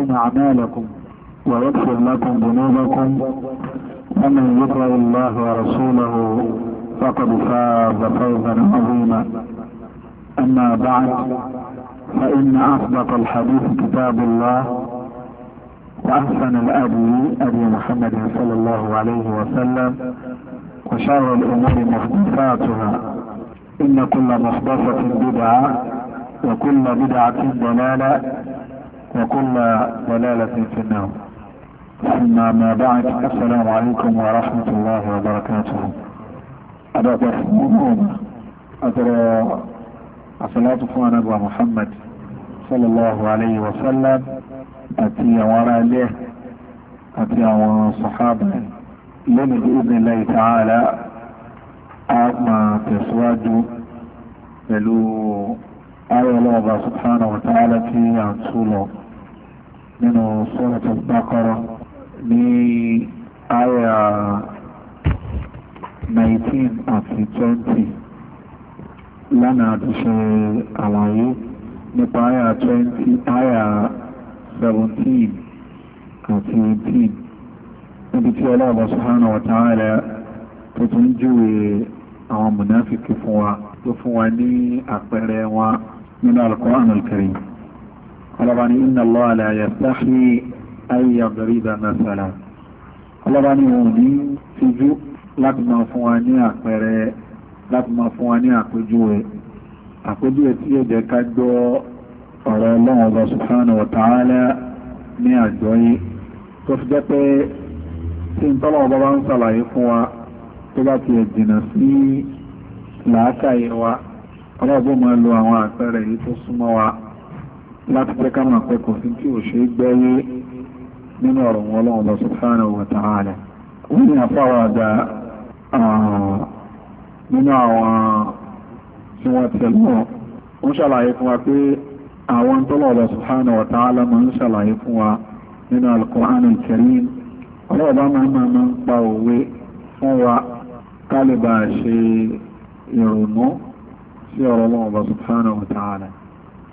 لكم أعمالكم ويغفر لكم ذنوبكم ومن يطع الله ورسوله فقد فاز فوزا عظيما أما بعد فإن أصدق الحديث كتاب الله وأحسن الأبي أبي محمد صلى الله عليه وسلم وشر الأمور محدثاتها إن كل محدثة بدعة وكل بدعة ضلالة وكل ضلالة في النار ثم ما بعد السلام عليكم ورحمة الله وبركاته أبا تحمون أترى الصلاة فوانا أبو محمد صلى الله عليه وسلم أتي وراء له أتي صحابه لن بإذن الله تعالى أعطنا تسواجه آية pẹ̀lú ayọ̀lọ́ọ̀bà الله سبحانه وتعالى في أنسوله nínú suratul Baqara ní àyà 19 àti 20 lánàá ti ṣe àlàyé nípa àyà 20 àyà 17 àti 18 níbi tí Allah subhanahu wa ta'ala tó tún júwe àwọn mùnáfíkì fún wa tó fún wa ní àpẹẹrẹ wọn nínú Al-Qur'an al ọlọ́ba ní inna Allaha la yastahi an yadriba masala ọlọ́ba ní òun ní tijú láti máa fún wa ní àpẹẹrẹ láti máa fún wa ní àpéjúwe àpéjúwe tí yóò jẹ́ ká gbọ́ ọ̀rọ̀ ọlọ́run ọba subhanahu wa ọlọ́gbọ́n máa lo àwọn àpẹẹrẹ yìí tó súnmọ́ wa láti pẹ́ ká máa pẹ́ kò sí tí ò ṣe gbẹ́yé nínú ọ̀rọ̀ wọn lọ́wọ́ lọ subhanahu wa ta'ala wọ́n ní àfáwàdà nínú àwọn tí wọ́n tẹ̀lọ́ wọ́n ṣàlàyé fún wa pé àwọn tọ́lọ̀ lọ subhanahu wa ta'ala máa ń ṣàlàyé fún wa nínú al-Qur'an al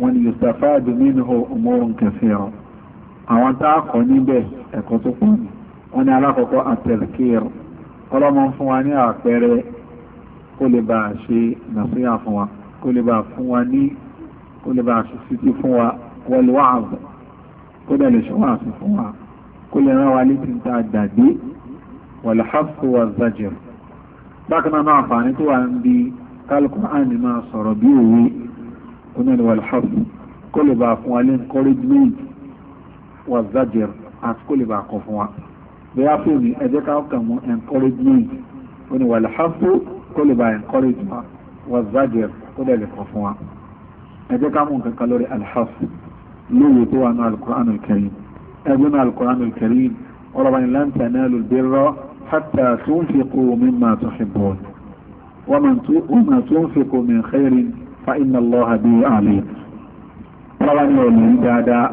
wọ́n ni yustafadu minhu umurun kathira àwọn tá a kọ́ níbẹ̀ ẹ̀kọ́ tó pọ̀ ní wọ́n ni alákọ̀ọ́kọ́ at-tadhkir ọlọ́mọ fún wa ní àpẹẹrẹ kó lè bá a ṣe nàṣíyà fún wa kó lè bá fún wa ní kó lè bá ṣe títí fún wa wal kó lè ṣe wà sí fún wa kó lè rán wa létí tá a dàgbé wà ń onílẹ̀ wà lọ́pù kó lè bá fún wa ní encouragement wà zájẹr àti kó lè bá kọ fún wa bí a fún mi ẹ jẹ́ ká kàn mú encouragement onílẹ̀ wà lọ́pù kó lè bá encourage wa wà zájẹr kó lè kọ fún wa ẹ jẹ́ ká mú nǹkan kan lórí alhafu lóye tó wà ní alukur'an alkarim ẹgbẹ́ ní alukur'an alkarim ọlọ́ba ní lan tanalul birra hatta tunfiqu mimma tuhibbun wa man tunfiqu min khairin fa inna Allaha bí àmì lọ́wọ́ ní ẹ̀lẹ́ ń dáadáa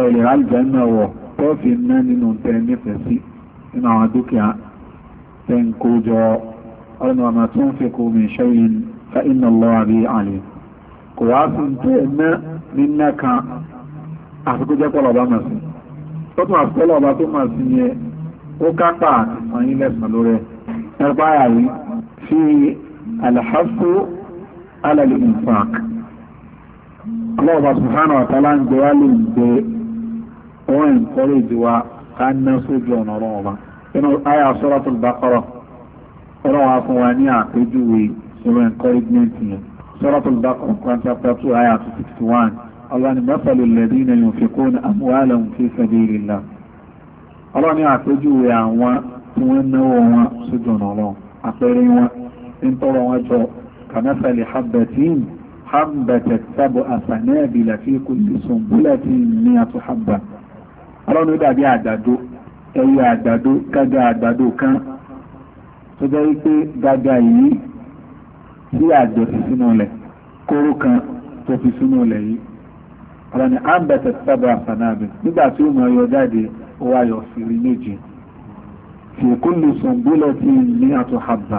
ẹ̀lẹ́ àlùjánnà wọ̀ tó fi ná nínú tẹ nífẹ̀ẹ́ sí nínú àwọn dúkìá tẹ ń kó jọ ọ̀nà ọ̀nà tó ń fi kó mi ṣẹ́yìn fa inna Allaha bí àmì kò wá sí tẹ ná nínú kan àfikún jẹ́ pọ̀lọ̀ bá mà sí tọ́tún àfikọ́lọ̀ ọba tó mà sí yẹn ó kápá àti sàn yín lẹ́sàn lórí ẹ̀ ẹ̀rọ báyà yìí fi àlàáfíà alàlè infaq ọlọ́ọ̀bá subhanahu wa ta'ala ń gbé wá lè gbé wọ́n ń kọ́rọ̀ ìdí wa ká ná sójú ọ̀nà ọlọ́wọ́ bá inú àyà suratul baqara ọlọ́wọ́ fún wa ní àpéjúwe ìrọ̀ encouragement yẹn suratul baqara nǹkan chapter two àyà two sixty one ọlọ́ni mẹ́fàlú lẹ́dínà yunfiquna amwalahum fi sabilillah ọlọ́ni àpéjúwe àwọn tí wọ́n náwó wọn sójú ọ̀nà ọlọ́wọ́ àpẹẹrẹ wọn ń tọrọ wọn jọ كمثل حبة حبة سبع سنابل في كل سنبلة مئة حبة ọlọ́run ló dàbí àdàdo ẹyẹ àdàdo gágá àdàdo kan tó jẹ́ wípé gágá yìí tí àjọ fi sínú ilẹ̀ kóró kan tó fi sínú ilẹ̀ yìí ọ̀rọ̀ ni ambẹ̀tẹ̀ sábà fanáàbẹ̀ nígbà tí ó mọ̀ ọyọ jáde ó wáyọ̀ sí rí méje tìkúlù sọ̀nbúlẹ̀ tí ní àtúhàbà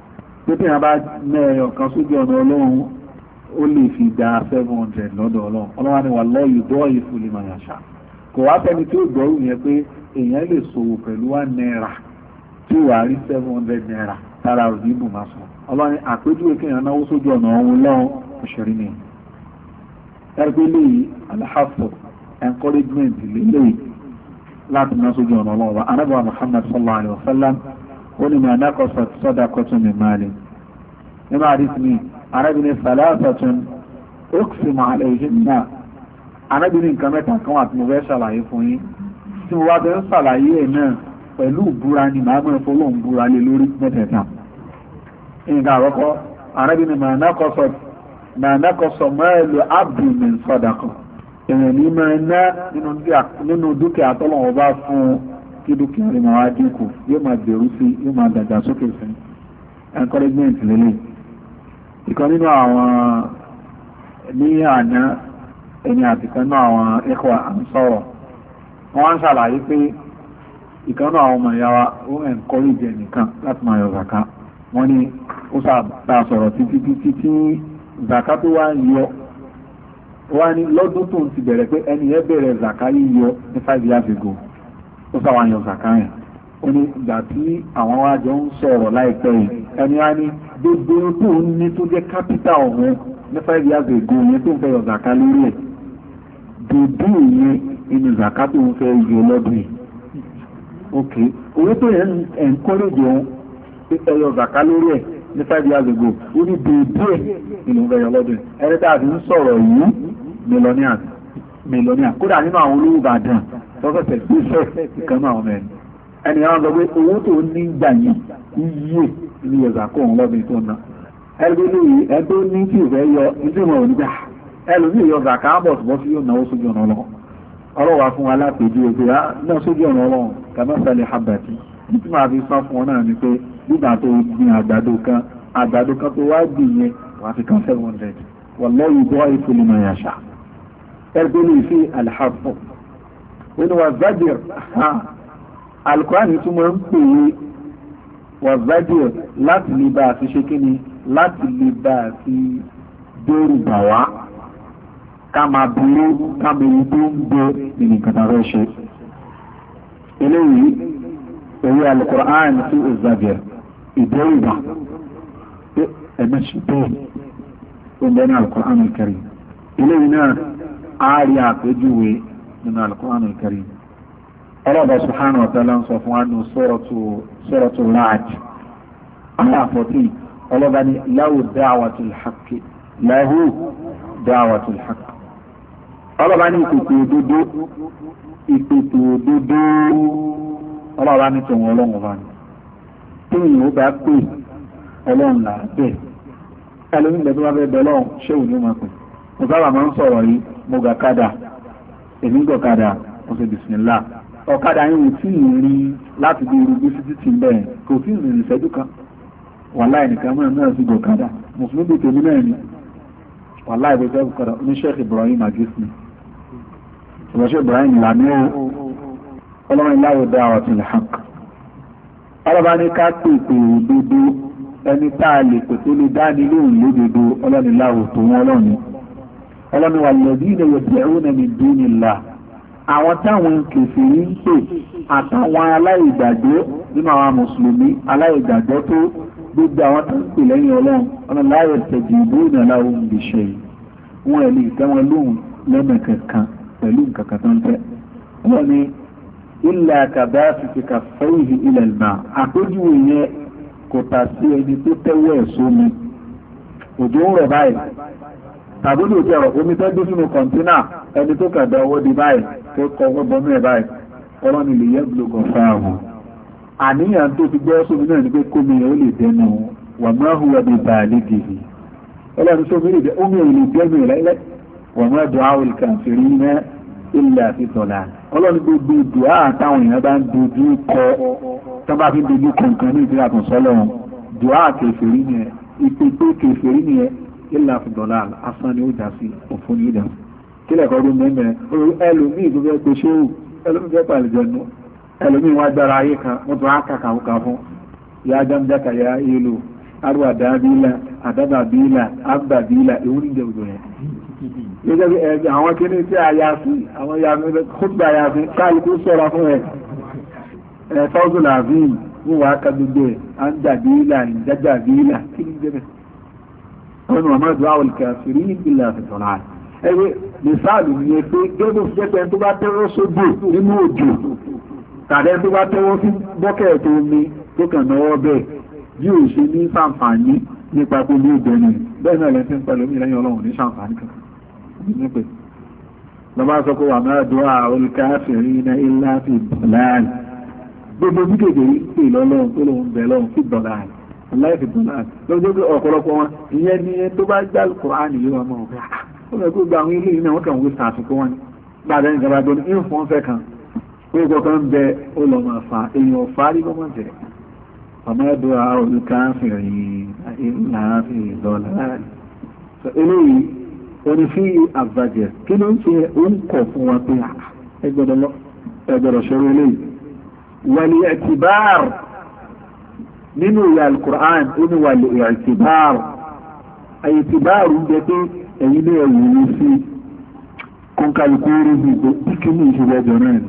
pé tí wọ́n bá mẹ́ ẹyọ kan sójú ọ̀nà ọlọ́run ó lè fi da seven hundred lọ́dọ̀ ọlọ́run ọlọ́run ni wà lọ́ọ̀yì dọ́ọ̀yì fúli máa yàn ṣá kò wá fẹ́ni tí ó gbọ́rù yẹn pé èèyàn lè ṣòwò pẹ̀lú one naira tí wà á rí seven hundred naira tára òdì ìbò máa sọ ọlọ́run àpéjúwe kéèyàn náwó sójú ọ̀nà ọ̀hún lọ́run òṣèré ni ẹgbẹ́ léyìí alhafo encouragement léyìí láti náà sójú ọ̀nà ọlọ́run anábọ̀ Muhammad sallallahu alayhi wa sallam ó ní ma naqasat sadaqatun min mali nínú àdísìmí arábìnrin sàlásàtún ókùsìmọ̀ àlẹ́yìn náà arábìnrin nǹkan mẹ́ta kan wà tí mo fẹ́ ṣàlàyé fún yín tí mo wá fẹ́ ṣàlàyé ẹ̀ náà pẹ̀lú ìbúra ni màá mọ̀ fọlọ́ ń búra lé lórí mẹ́tẹ̀ẹ̀ta nǹkan àkọ́kọ́ arábìnrin màá nákọ́sọ mẹ́ẹ̀lú abdulmin sọ́dàkọ̀ èèyàn ní máa ná nínú dúkìá tọ́lọ́wọ́ bá fún kí dúkìá rẹ̀ máa dínkù yóò máa gbèrú sí yóò máa dàgbà sí encouragement lélẹ́yìn ìkan nínú àwọn ní àná ẹni àtìkan náà àwọn ẹ̀kọ́ à wọ́n ń ṣàlàyé pé ìkan àwọn ọmọ ìyá ó ń encourage ẹnìkan láti máa yọ zaka wọ́n ní ó sàbà sọ̀rọ̀ títí títí tí zaka tó wá yọ wá ní lọ́dún tó ń ti bẹ̀rẹ̀ pé ẹni yẹn bẹ̀rẹ̀ zaka yíyọ ní five gbogbo tó ń ní tó jẹ́ kápítà ọ̀hún ní five years ago yẹn tó ń fẹ́ yọ zàká lórí ẹ̀ dòdò yẹn inú zàká tó ń fẹ́ yọ lọ́dún yìí ok owó tó yẹn encourage ọ̀hún pé ẹ yọ zàká lórí ẹ̀ ní five years ago ó ní dòdò ẹ̀ inú fẹ́ yọ lọ́dún yìí ẹni tá a ti ń sọ̀rọ̀ yìí millionaire millionaire kódà nínú àwọn olówó Ìbàdàn lọ́sọ̀ọ̀sẹ̀ gbèsè ìkànnì àwọn ọmọ ẹni ẹni àwọn sọ pé owó tó ń ní gbà yìí iye ní ọ̀sà kó òun lọ́bìn tó ná ẹgbẹ́ ní ẹgbẹ́ ní tí ò fẹ́ yọ ìdí wọn ò ní gbà ẹlòmíì yọ ọ̀sà káàbọ̀ ṣùgbọ́n tí yóò náwó sójú ọ̀nà ọlọ́run ọlọ́wà fún wa lápèjú òkè á náà sójú ọ̀nà ọlọ́run kàmá sálẹ̀ habati ní tí màá fi sá fún ọ náà ni pé nígbà tó gbin àgbàdo kan àgbàdo kan tó wá gbìn yẹn wàá fi kan seven hundred wàlọ́ọ̀ yìí tó wáyé fún mi ẹgbẹ́ ní ìfi alhàbọ̀ wọ́n ni wà zadir alukóhánì tún máa ń pè é wàzádìẹ̀ láti lè bá àti ṣe kíni láti lè bá àti dẹ́rù bà wá ká máa burú ká máa ewu tó ń bẹ nínú ìkàtà rẹ̀ ṣe. eléyìí èrè alukur'an sí òzàbíà ìdẹ́rù bà ẹ̀mí ṣe bẹ́ẹ̀ ó ní alukur'an al-karim eléyìí náà á rí àpéjúwe nínú alukur'an al-karim. ọlọ́ba subhanahu wa ta'ala ń sọ fún wa nù suratu suratul Ra'd ayé àfọ̀tì ọlọ́ba ní lahu da'watul haqqi lahu da'watul haqqi òdodo ìkòkò òdodo ọlọ́ba ní tòun ọlọ́run ọba ní tóyìn ó bá pè ọlọ́run là bẹ́ẹ̀ ẹlòmí ìgbẹ́ tó bá fẹ́ bẹ́ẹ̀ lọ́run ṣé ọ̀kadà yìí tí ì rí láti bí irú gbèsè títì ń bẹ̀rẹ̀ kò tí ì rìn ìṣẹ́jú kan wàláì nìkan mọ́ náà sí gòkadà mùsùlùmí tèmi náà ni wàláì bó fẹ́ gòkadà oníṣẹ́ Ibrahim àgẹ́sìn ìrọ̀ṣẹ́ Ibrahim làmí ó ọlọ́run iláwọ̀ dá ọ̀tún lẹ́hàk ọlọ́ba ní ká pè pè òdodo ẹni tá a lè pè tó lè dáni lóhùn lódodo ọlọ́run iláwọ̀ tó wọn ọlọ́run ọlọ́run wà lẹ́bí ilẹ̀ yẹ̀ àwọn táwọn kèfèrí ń pè àtàwọn aláìgbàgbọ́ nínú àwọn mùsùlùmí aláìgbàgbọ́ tó gbogbo àwọn tó ń pè lẹ́yìn ọlọ́run ọ̀nà láàyè tẹ̀jú ìbò ìnàlá ohun lè ṣe yìí wọn ẹ̀ lè dá wọn lóhùn lẹ́mẹ̀ kankan pẹ̀lú nǹkan tó ń tẹ́ wọn ni ilẹ̀ àkàbà fífi kà fẹ́yìí ilẹ̀ ìgbà àpéjúwe yẹn kò tà sí ẹni tó tẹ́wọ́ ẹ̀ sómi òjò ń rọ̀ báyìí tàbí lóòótọ́ omi tó sínú kọ̀ǹtínà ẹni tó kàdá ọwọ́ di báyìí tó kọ ọwọ́ bọ́nú ẹ̀ báyìí ọlọ́ni lè yẹ́ gbogbo fáàmù àníyàn tó fi gbọ́ sómi náà ní pé kómi ó lè dẹnu wà máa hùwà bí bàálí gèdè ọlọ́ni sómi lè dẹ omi ò lè dẹnu ìlẹ́lẹ́ wà máa dùn áwòl kàǹfìrí iná ilẹ̀ àti tọ̀là ọlọ́ni gbogbo dùn á àtàwọn èèyàn bá ń dojú kọ tó bá fi ń dojú kọ nǹkan ní ìdílé àtúnṣọ́lọ́ ìpèpè kẹfìrí yẹn ilẹ̀ àti tọ̀là asán ni ó dà sí òfò ni kílẹ̀ kọ́ ló mẹ́mẹ́ ẹlòmíì tó fẹ́ pe ṣéwù ẹlòmíì fẹ́ pàlìjẹ̀nu ẹlòmíì wọn agbára ayé kan wọn tó á kàkà òkà fún ya dámdáka ya èlò arúgbó àdábìlà àdábàbìlà àbàbìlà èwo ní ìjẹ òjò yẹn. yóò jẹ́ ẹ̀jẹ̀ àwọn kíní tí a yà sí àwọn ya mi kúgbà ya sí káàlùkù sọ̀rọ̀ fún ẹ̀ ẹ̀ fọ́ọ̀sù làvín wọn wà á ka gbogbo ẹ̀ à ń dàbìlà ìjájà bìlà kí ni jẹ́ bẹ́ẹ̀. ọ̀nà àmàdùn àwọn kàfìrí ìbílà àfẹ̀tọ̀lá rẹ̀ ẹgbẹ́ mìsáàlù ni pé gẹ́gbẹ́ fi jẹ́pẹ́ tó bá tẹ́wọ́ sódò nínú òjò tàbí tó bá tẹ́wọ́ sí bọ́kẹ̀ẹ̀tì omi tó kàn náwọ́ bẹ́ẹ̀ yóò ṣe ní sàǹfààní nípa pé ní ìbẹ̀rù bẹ́ẹ̀ náà lẹ́sìn pẹ̀lú mi lẹ́yìn ọlọ́run ní sàǹfààní kan nípe lọ́bá sọ pé wà máa dùn àwọn káfìrí iná ilá fi bọ̀láàlì gbogbo bí kékeré pè lọ́lọ́run tó lóun bẹ̀ lọ́run fi bọ̀láàlì láì fi bọ̀láàlì lọ́jọ́ pé ọ̀pọ̀lọpọ̀ wọn ìyẹn ni tó bá gbà Kùránì yóò máa wọ́n ó lọ gbogbo àwọn ilé yìí náà wọ́n kàn wí sàtúnkú wọn gbàdá ní ìjọba gbọ́dọ̀ ní ìfọ́n fẹ́ kan gbogbo kan bẹ ó lọ máa fa èèyàn fárí lọ́mọ jẹ ọmọ ẹ̀dọ́ àrùn ní káfíìn láàfin ìdọ́lá eléyìí oní fi àbàjẹ́ kí ló ń ṣe ó fún wa pé ẹgbẹ̀rọ̀ ṣọ́rọ̀ eléyìí wàlì ẹ̀tìbáàrù nínú ìyá alukur'an ó wàlì ẹ̀tìbáàrù ẹ̀tìbáàrù ń jẹ pé ẹ̀yìn lé ẹ̀wù mi sí kọ́ńkàlùkù orí mi pé bí kí ní ìṣẹ̀lẹ̀ ẹ̀dọ̀ náà ni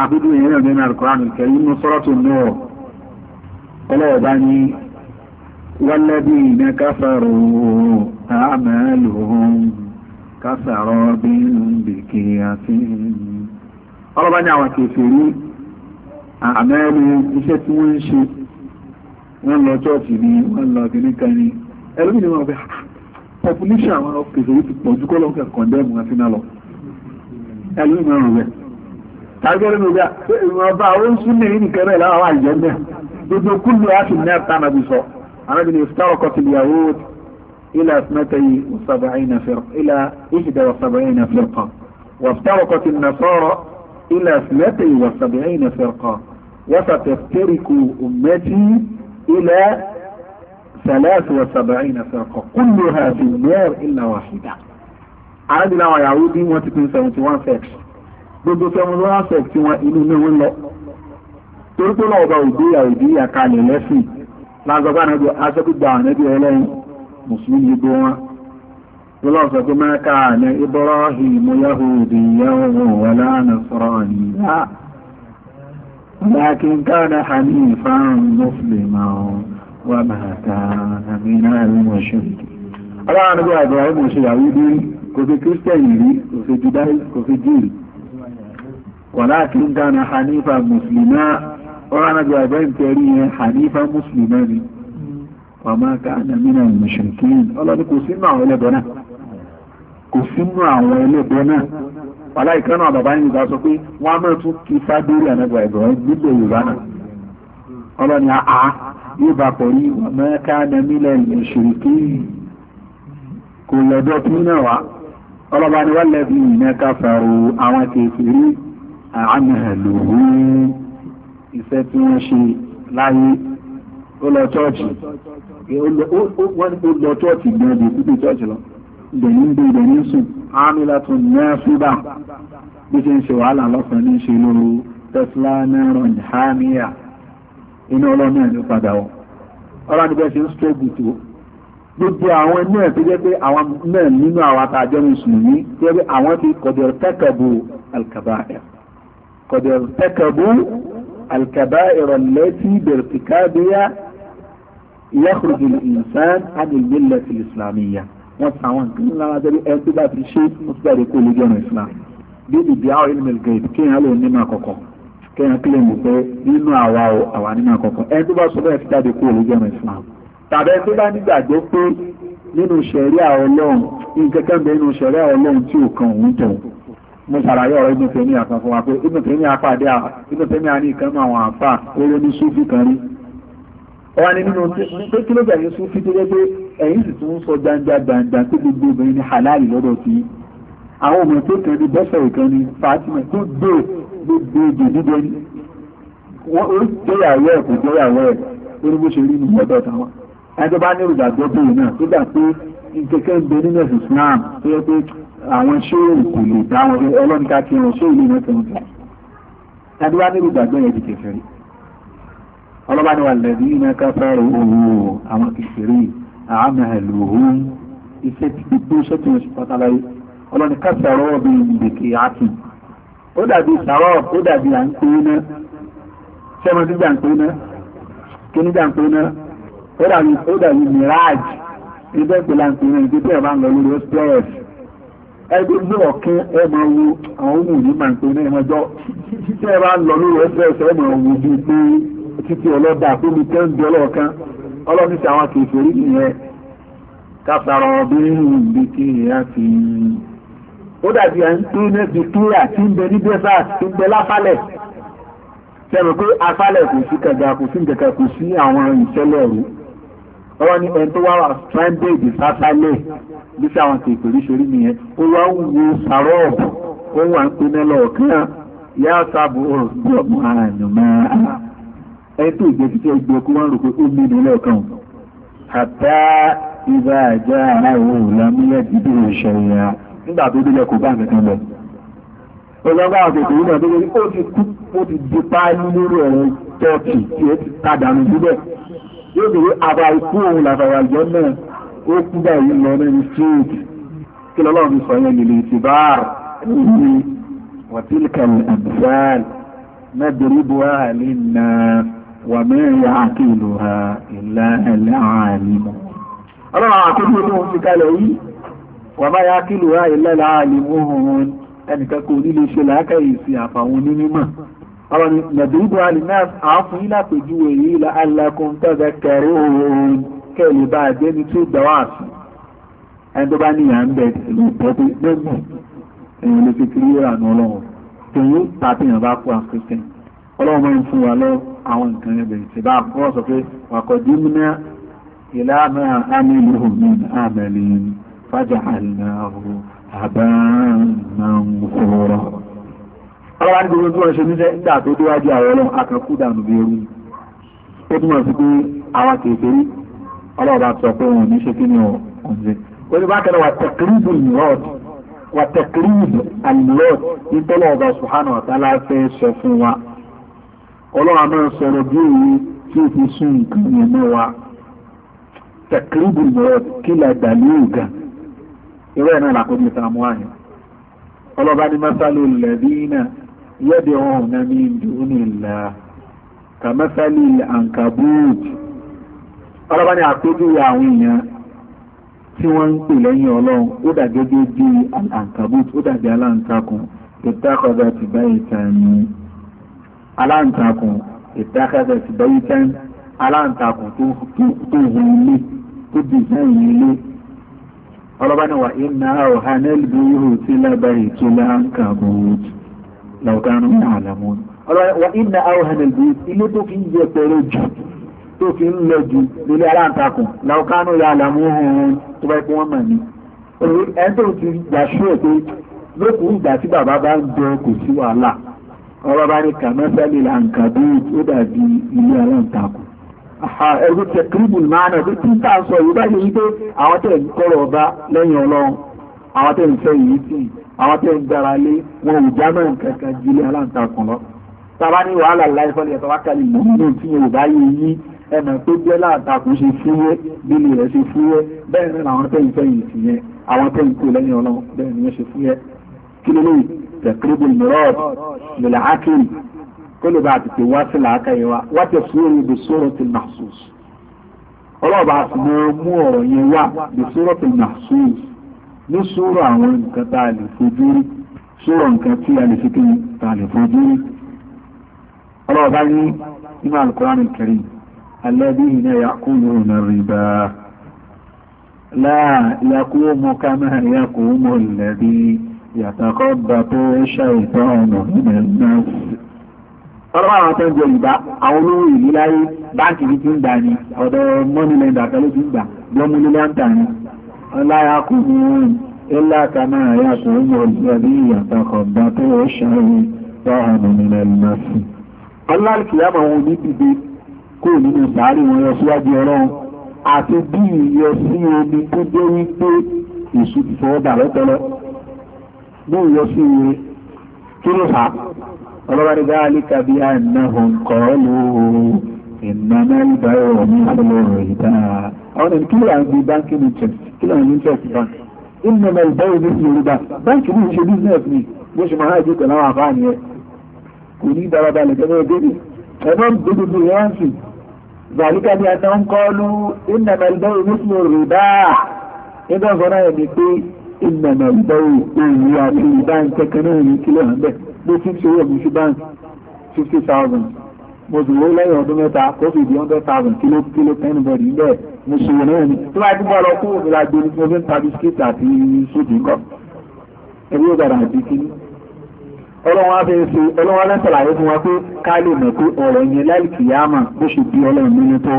àbúdó yẹn náà nínú àlùkòránù kẹ́yìn ní sọ́rọ́tù náà ọlọ́ọ̀bá ní wálẹ́bí iná káfàrò àmàlùhùn kásàrọ̀ bí bèkè àti ọlọ́bá ní àwọn population àwọn kèfèrí ti pọ̀ jù kọ́lọ́ kẹ́ kọ̀ndẹ́mù àti náà lọ ẹlú ìmọ̀ rẹ̀ bẹ́ẹ̀ tàbí mi bá ìwọ̀n bá ó ń súnmọ́ yìí nìkan rẹ̀ láwọn àjẹ́ náà gbogbo kúlù láti ní ẹ̀ta nàbí sọ àwọn ìbìnrin ìfitárọ̀ kọ́ ti ثلاث وسبعين فرقة كلها في النار إلا واحدة عادي لو يعود يوم تكون سمت وان سكش بدو سمت وان سكش وان إلو نو اللو تلتو لو باو دي أو دي أكالي لفي لازم أنا دي أسكت دعنا دي إلي مسلمي دوما ولو سكت ما كان إبراهيم يهوديا ولا نصرانيا لكن كان حنيفا مسلما وما كان من المشركين ọlọ́run nígbà ìbìràhìm ṣe yàwó dé kò fi kírísítẹ̀nì rí kò fi judáì kò fi jíìl wàlá kí ń dáná hanifa musulmá ọlọ́run nígbà ìbìràhìm tẹ̀rí yẹn hanifa musulmá ni ọmọ káàna mínà mùsùlùmí ọlọ́run kò yóò bá pẹ̀lú ìwà mẹ́ká nẹ́mílẹ̀ ìṣòrìkí kò lọ́dọ̀ tí náà wá ọlọ́bà ni wọ́n lẹ́bí ìmẹ́ká fẹ̀rù àwọn kèfèrí àmìhẹ̀lòwú iṣẹ́ tí wọ́n ṣe láyé ó lọ tọ́ọ̀tì wọ́n lọ tọ́ọ̀tì gbọ́dọ̀ kúkú tọ́ọ̀tì lọ ìdẹ̀ní ń gbé ìdẹ̀ní sùn ámìlá iná ọlọ́nà ẹ̀ ló padà wọ̀ ọlá níbẹ̀ ṣe ń struggle tó gbogbo àwọn inú ẹ̀ tó jẹ́ pé àwọn náà nínú àwọn àtàjọ mùsùlùmí tó jẹ́ pé àwọn ti kọ̀dọ̀ tẹ́kẹ̀bù alkaba'ir kọ̀dọ̀ tẹ́kẹ̀bù alkaba'ir allati birtikabiha yakhruju al-insan an al-millati al-islamiyya wọ́n ti àwọn nǹkan ńlá wá débi ẹni tó bá ti ṣe mùsùlùmí kò lè jọ̀rọ̀ islam bí ìdí àwọn ilmi al kẹ́yàn kílẹ̀ mọ̀ pé nínú àwa o àwa nínú àkọ́kọ́ ẹni tó bá sọ bẹ́ẹ̀ fi jáde kúrò lójú Islam tàbí ẹni tó bá nígbàgbọ́ pé nínú ṣẹ̀ríà Ọlọ́run nkẹ́kẹ́ bẹ nínú ṣẹ̀ríà Ọlọ́run tí ò kan òun tó mo ṣàlàyé ọ̀rọ̀ Ibn Taymiyyah àkan fún wa pé Ibn Taymiyyah apàdé Ibn Taymiyyah ní ìkan àwọn àfà oró ní Súfì kan rí ọwọ́ ni nínú pé kí ló bẹ̀rẹ̀ Súfì tó yẹ pé ẹ̀yìn sì tún sọ gbangba gbangba pé gbogbo obìnrin ní halal lọ́dọ̀ tí àwọn ọmọ tó kàn ní bọ́sẹ̀ ìkan ní Fatima tó gbé gbogbo èdè dídẹ ní wọ́n ó jẹ́yàwó ẹ̀ kò jẹ́yàwó ẹ̀ orí bó ṣe rí ní ọ̀dọ̀ táwọn ẹjọ́ bá ní ìrùdàgbọ́ bóyè náà tó gbà pé kẹ̀kẹ́ ń bẹ nínú ẹ̀sìn Islam tó yẹ pé àwọn ṣé kò lè dá wọn ọlọ́nìká kí wọn ṣé ìlú mẹ́fẹ̀ẹ́ wọn ẹjọ́ bá ní ìrùdàgbọ́ yẹn ti kẹfẹ́ rí ọlọ́ba ni wà lẹ́bí iná káfẹ́rù owó àwọn kẹfẹ́ rí àmàlùhún iṣẹ́ tí gbogbo iṣẹ́ tí wọ́n ṣe pátá láyé ọlọ́ni ká sọ̀rọ̀ bí ìdèkè àti ó dàbí sọ̀rọ̀ ó dàbí à ń pè é ná ṣé mo ti gbà ń pè é ná kí ní gbà ń pè é ná ó dàbí ó dàbí mirage ibẹ̀ pè là ń pè é ná ibi tí ẹ̀ bá ń lọ lórí express ẹgbẹ́ ní ọ̀kín ẹ máa wo àwọn ohun ìní máa ń pè é ná ẹ máa ẹ bá ń lọ lórí express ẹ máa wo pé títí ọlọ́dà pé mi tẹ́ ń di ọlọ́ọ̀kan ọlọ́ni tí àwọn kìí fèrí nìyẹn kásàrọ̀ bí ìbìkì àti ó dàbí à ń pè ní bìkúrà tí ń bẹ ní desert tí ń bẹ láfálẹ̀ sẹ́mi pé afálẹ̀ kò sí kàga kò sí kàga kò sí àwọn ìṣẹ̀lẹ̀ rú ọwọ́ ní ẹni tó wá wà stranded sáfálẹ̀ bí sí àwọn kèké oríṣiríṣi nìyẹn ó wá ń wo sàrọ́ọ̀bù ó wà ń pè ní lọ́ọ̀kan yá sábò ọ̀gbọ̀n ànùmọ́ ẹni tó ìgbẹ́ títí ẹgbẹ́ kó wọ́n rò pé ó mú ní lọ́ọ̀kan àtà ìbàjẹ́ àárẹ̀ òun lámúyẹ́ dídí òṣèlú nígbà tó délẹ̀ kò bá mi tó lọ. ọlọ́gbà ọ̀sẹ̀ tó yìí náà tó yẹ kó ti kú ó ti di páálí lórí ọ̀rọ̀ tọ́ọ̀kì tí ó ti padà nù síbẹ̀. yóò béèrè àbá ikú òun làbàrà àjọ náà ó kú báyìí lọ lẹ́nu street kí lọ́lọ́run fi sọ yẹn lè ti bá ní wàtílkàlì àbúfáàl nàdìríbù àlè náà wà mẹ́rin àkìlù ha ìlà ẹ̀lẹ́ àlè. ọlọ́run àkókò tó fi kalẹ̀ yìí wà máa yá kí lòrá ìlẹ́lá àlèmóhùn ẹnìkan kò ní lè ṣe làákà èsì àfàwọn onímọ̀ àwọn nàdúgbò alinas àáfún yìí lápèjúwe yìí la alákùn tẹ́gbẹ́ kẹrù òun kẹ́lẹ̀ bá jẹ́ ní tí ó gbà wá sí ẹni tó bá níyà ń bẹ̀ lè tọ́ pé gbẹ́gbẹ̀ èèyàn lè fi kiri rà nù ọlọ́run tòun tàbíyàn bá kú àfikẹ́ ọlọ́run fún wa lọ àwọn nǹkan ẹ̀bẹ̀ ìṣẹ̀bá wọ́n sọ pé wàkọ̀dí múná ìlànà àmì ìlú òmìn àmẹ́lẹ́yìn fájàhálàáhù àbáàmàmùsọ̀rọ̀ ọlọ́wà ní gbogbo tí wọ́n ṣe níṣẹ́ bí ó túnmọ̀ sí pé àwọn kèfèrí ọlọ́ọ̀bá sọ pé ní ṣe kí ni ó ní wà tẹ̀kìrìbù wà tẹ̀kìrìbù ní ọ̀tálá fẹ́ sọ fún wa ọlọ́wà irú ẹ̀ náà làkó ní sàmú àyàn ọlọ́ba ní mọ́sálù lẹ́bínà yẹ́dẹ̀ ọ̀hún náà ní ìdúnilá kàmọ́sálù àǹkàbúùtù ọlọ́ba ní àpéjúwe àwọn èèyàn tí wọ́n ń pè lẹ́yìn ọlọ́run ó dà gẹ́gẹ́ bí àǹkàbúùtù ó dàbí aláǹtakùn ìtàkọ̀dà ti báyìí tán ní aláǹtakùn ìtàkọ̀dà ti báyìí tán aláǹtakùn tó hun ilé tó dìsáìn ilé ọlọ́ba ni wà iná ọ̀hánẹ́l bí ihò tí lábàáyé tó láǹkà bòójì lọ́gánú àlàmú ọlọ́ba wà iná ọ̀hánẹ́l bí ilé tó fi ń yẹ pẹ̀lú jù tó fi ń lọ jù nílé aláǹtakùn lọ́gánú àlàmú ọ̀hún tó bá pọ́n mà ní. ẹni tó ti gbà ṣú ẹ̀ lókùn ìgbà tí bàbá bá ń jẹ kò sí wàhálà ọlọ́ba ni kàmẹ́sẹ́lì làǹkà bòójì ó dàbí ilé aláǹtakùn ẹ̀rù tẹ̀kìrìbù máàrùn ẹ̀rù tí tàà sọ yìí báyìí wípé àwọn tẹ̀ ń kọ́rọ̀ ọba lẹ́yìn ọlọ́run àwọn tẹ̀ ń fẹ́ yìí sí àwọn tẹ̀ ń gbára lé wọn ò já náà kankan ju ilé aláǹtakùn lọ. tàbá ní wàhálà láìfọ́lẹ̀ ẹ̀tọ́ wákàlì nínú tí yóò bá yé yí ẹnà tó jẹ́ láàtakùn ṣe fúyẹ́ bílé rẹ̀ ṣe fúyẹ́ bẹ́ẹ̀ ni àwọn tẹ̀ ń fẹ́ yìí sí yẹn àwọn tẹ̀ ń kó lẹ́yìn ọlọ́run bẹ́ẹ̀ ni wọ́n ṣe fúyẹ́ kí ló lè كله بعد جواف العكاية وتسوري بصورة المحسوس الله بعد مومور يوا بصورة المحسوس نصورة عن كتال فجوري صورة كتية لفكرة كتال فجوري الله بعد إمام القرآن الكريم الذين يأكلون الربا لا يقوم كما يقوم الذي يتقبط الشيطان من النفس ọlọ́wọ́ àwọn tó ń jẹ ìgbà àwọn olówó ìlú láyé báńkì ní ti ń gbà ní ọ̀dọ̀ mọ́nìlẹ́ndà àtàló ti ń gbà lọ́múlélẹ́ńtà ni ọláyà kò ní orin ilá kàmá àyà tó ń mọ ìgbàdí ìyàtọ̀ kọ̀ọ̀dá tó ó ṣàyè tọ́hàmù nílẹ̀ lọ́sìn. ọlọ́ọ̀kìyàmọ̀ wọn ní dìde kó kí ló fà ọlọ́wárí dáálíkà bí i àìnáhùn kọ́ọ̀lù ìnáná ìbáyọ̀ ní ìfẹ́lẹ̀ ìdá àwọn ẹni kí lóra ń gbé báńkì ní chess kí lóra ní chess bank ìnáná ìbáyọ̀ ní Yorùbá báńkì ní ìṣe business ni bó ṣe máa jẹ́ pẹ̀lú àwọn àbáàní ẹ kò ní dára ìmọ̀nà ìbẹ̀wò òòrùn àti ìbáyìn kẹkẹrẹ ìrìn kílẹ̀ hàn bẹ́ẹ̀ bó fi ń ṣe owó mi sí báyìí 50,000 mo sì wó lẹ́yìn ọdún mẹ́ta kó fi di 100,000 kíló kíló ten body bẹ́ẹ̀ mo ṣe wọ́n náà ni tí wọ́n ti bọ́ lọ kún òmìnira gbé ní fún ta bisikíìtì àti sódì kọ́ ẹbí ó gbàdá àti kíní ọlọ́wọ́n á ṣe ọlọ́wọ́n á lẹ́sàlàyé fún wa pé ká lè mọ̀ pé ọ̀rọ̀ yẹn láìkìyàmà bó ṣe bí ọlọ́run nínú tó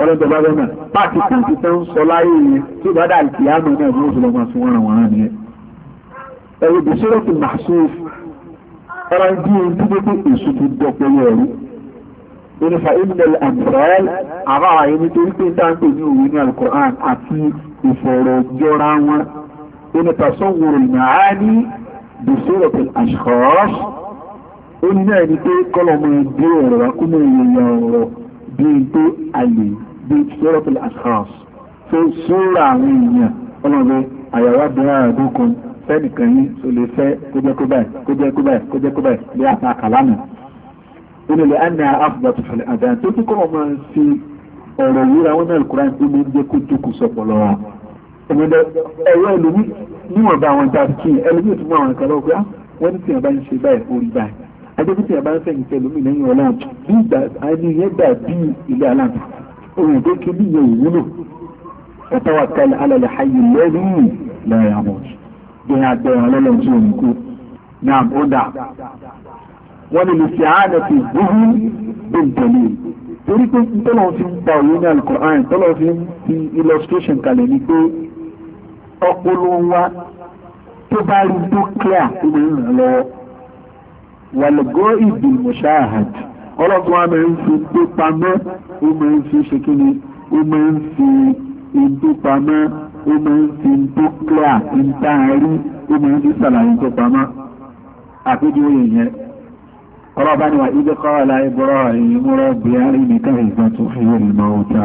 ọlọ́dọ̀ bá bẹ́ẹ̀ náà pàtí pàtí tó ń sọ láyé yìí tí ó bá dà kí á mọ̀ náà ní oṣù lọ́gbọ̀n fún wọn àwọn àmì ẹ̀. ẹ̀rọ ìbísọ́rọ̀tì màṣúf ọ̀rọ̀ ń bí ohun tí ó pé èso ti dọ̀pọ̀ yẹ̀ rí. onífà ìmọ̀lẹ̀ àmìrẹ́l àbá àyè nítorí pé dáńpẹ̀ ní òwe ní alukur'an àti ìfọ̀rọ̀jọ́ra wọn. onífà sọ́wọ́rọ̀ ìmọ̀-áni ìbísọ́rọ̀tì àṣ bíi pé àlè bíi suratul ashkhas tó sóra àwọn èèyàn ọlọ́dẹ àyàwó abẹ́rẹ́ àrùn kan fẹ́nìkan yín tó lè fẹ́ kó jẹ́ kó báyìí kó jẹ́ kó báyìí kó jẹ́ kó báyìí lé àtà kàlámù. onílẹ̀ àná àfùgbà tó fẹ̀lẹ̀ àdáyà tó tún kọ́ ọmọ sí ọ̀rọ̀ wíra wọn adébítì àbá fẹ́ nìkẹ́ lómi lẹ́yìn ọlọ́run bí ìgbà ayé yẹn dà bí ilé aláǹtà ohun tó ké bí yẹn ìwúlò ọ̀tọ́wà kalẹ̀ alẹ́ ayé lẹ́yìn lẹ́yìn àmọ́ ìyẹn àgbẹ̀rún ọlọ́run tí òun kú náà ó wọ́n lè fi àánà ti gbúhú bí n tẹ̀lé torí pé tọ́lọ́ fi ń pa òye ní alukur'an tọ́lọ́ fi ń fi illustration kalẹ̀ ni pé ọpọlọ wa tó bá rí dúkìá ìlú ìrànlọ́wọ́ wàlùgọ́ ìbì mùsáàhàd ọlọ́gbọ́n a máa ń fi tó pamọ́ ó máa ń fi ṣe kí ni ó máa ń fi tó pamọ́ ó máa ń fi tó kíláà ìtaàrí ó máa ń fi sàlàyé tó pamọ́ àpéjọ yẹn ọlọ́bàá ni wà ìdíkọ́ ọ̀la ìbúrọ̀ ìmúrọ̀ bíárì nìkan ìgbà tó fi yẹ ìmọ̀ ọ̀tá.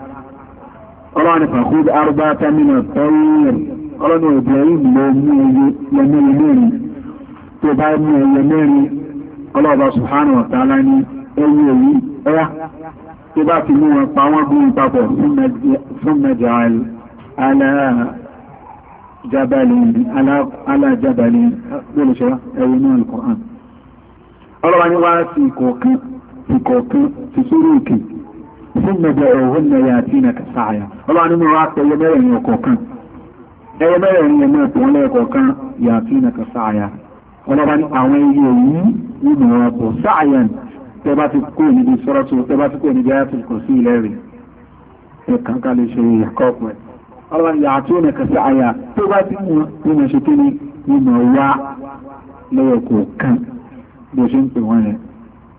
ọlọ́ni fàkúd arúgbá tẹ́mínà tẹ́yìn ọlọ́ni Ibrahim ló mú ẹyẹ mẹ́rin tó bá mú ẹyẹ mẹ́rin ọlọ́ọ̀bá subhanahu wa ta'ala ní ẹyẹ èyí ẹyá tó bá fi mú wọn pa wọ́n gún papọ̀ fún mẹ́jọ alájábàlì gbọ́lùṣọ́lá ẹwọ ní al ọlọ́wà ní wá sí ìkọ̀ọ̀kan sí ìkọ̀ọ̀kan sí sórí òkè fún mẹ́jọ ọ̀hún mẹ́yà àti ìnàkà sáàyà ọlọ́wà nínú wa pé ẹyẹ mẹ́rẹ̀ẹ̀rin ọ̀kọ̀ọ̀kan ẹyẹ mẹ́rẹ̀ẹ̀rin ẹ̀mọ́ ẹ̀pọ̀ lẹ́ẹ̀kọ̀ọ̀kan yà àti ìnàkà sáàyà ọlọ́wà ní àwọn ẹyẹ yìí nínú wa bọ̀ sáàyà tẹ bá ti kó níbi sọ́rọ́ tó tẹ bá ti kó níbi ayé tó kò sí ilẹ̀ rẹ̀ ẹ kàn ká lè ṣe ìyàkọ́ pẹ̀ ọlọ́wà yà àti ìnàkà sáàyà tó bá ti mú nínú ṣe kí ni nínú wa lẹ́yọ̀kọ̀ọ̀kan bó ṣe ń pè wọ́n yẹn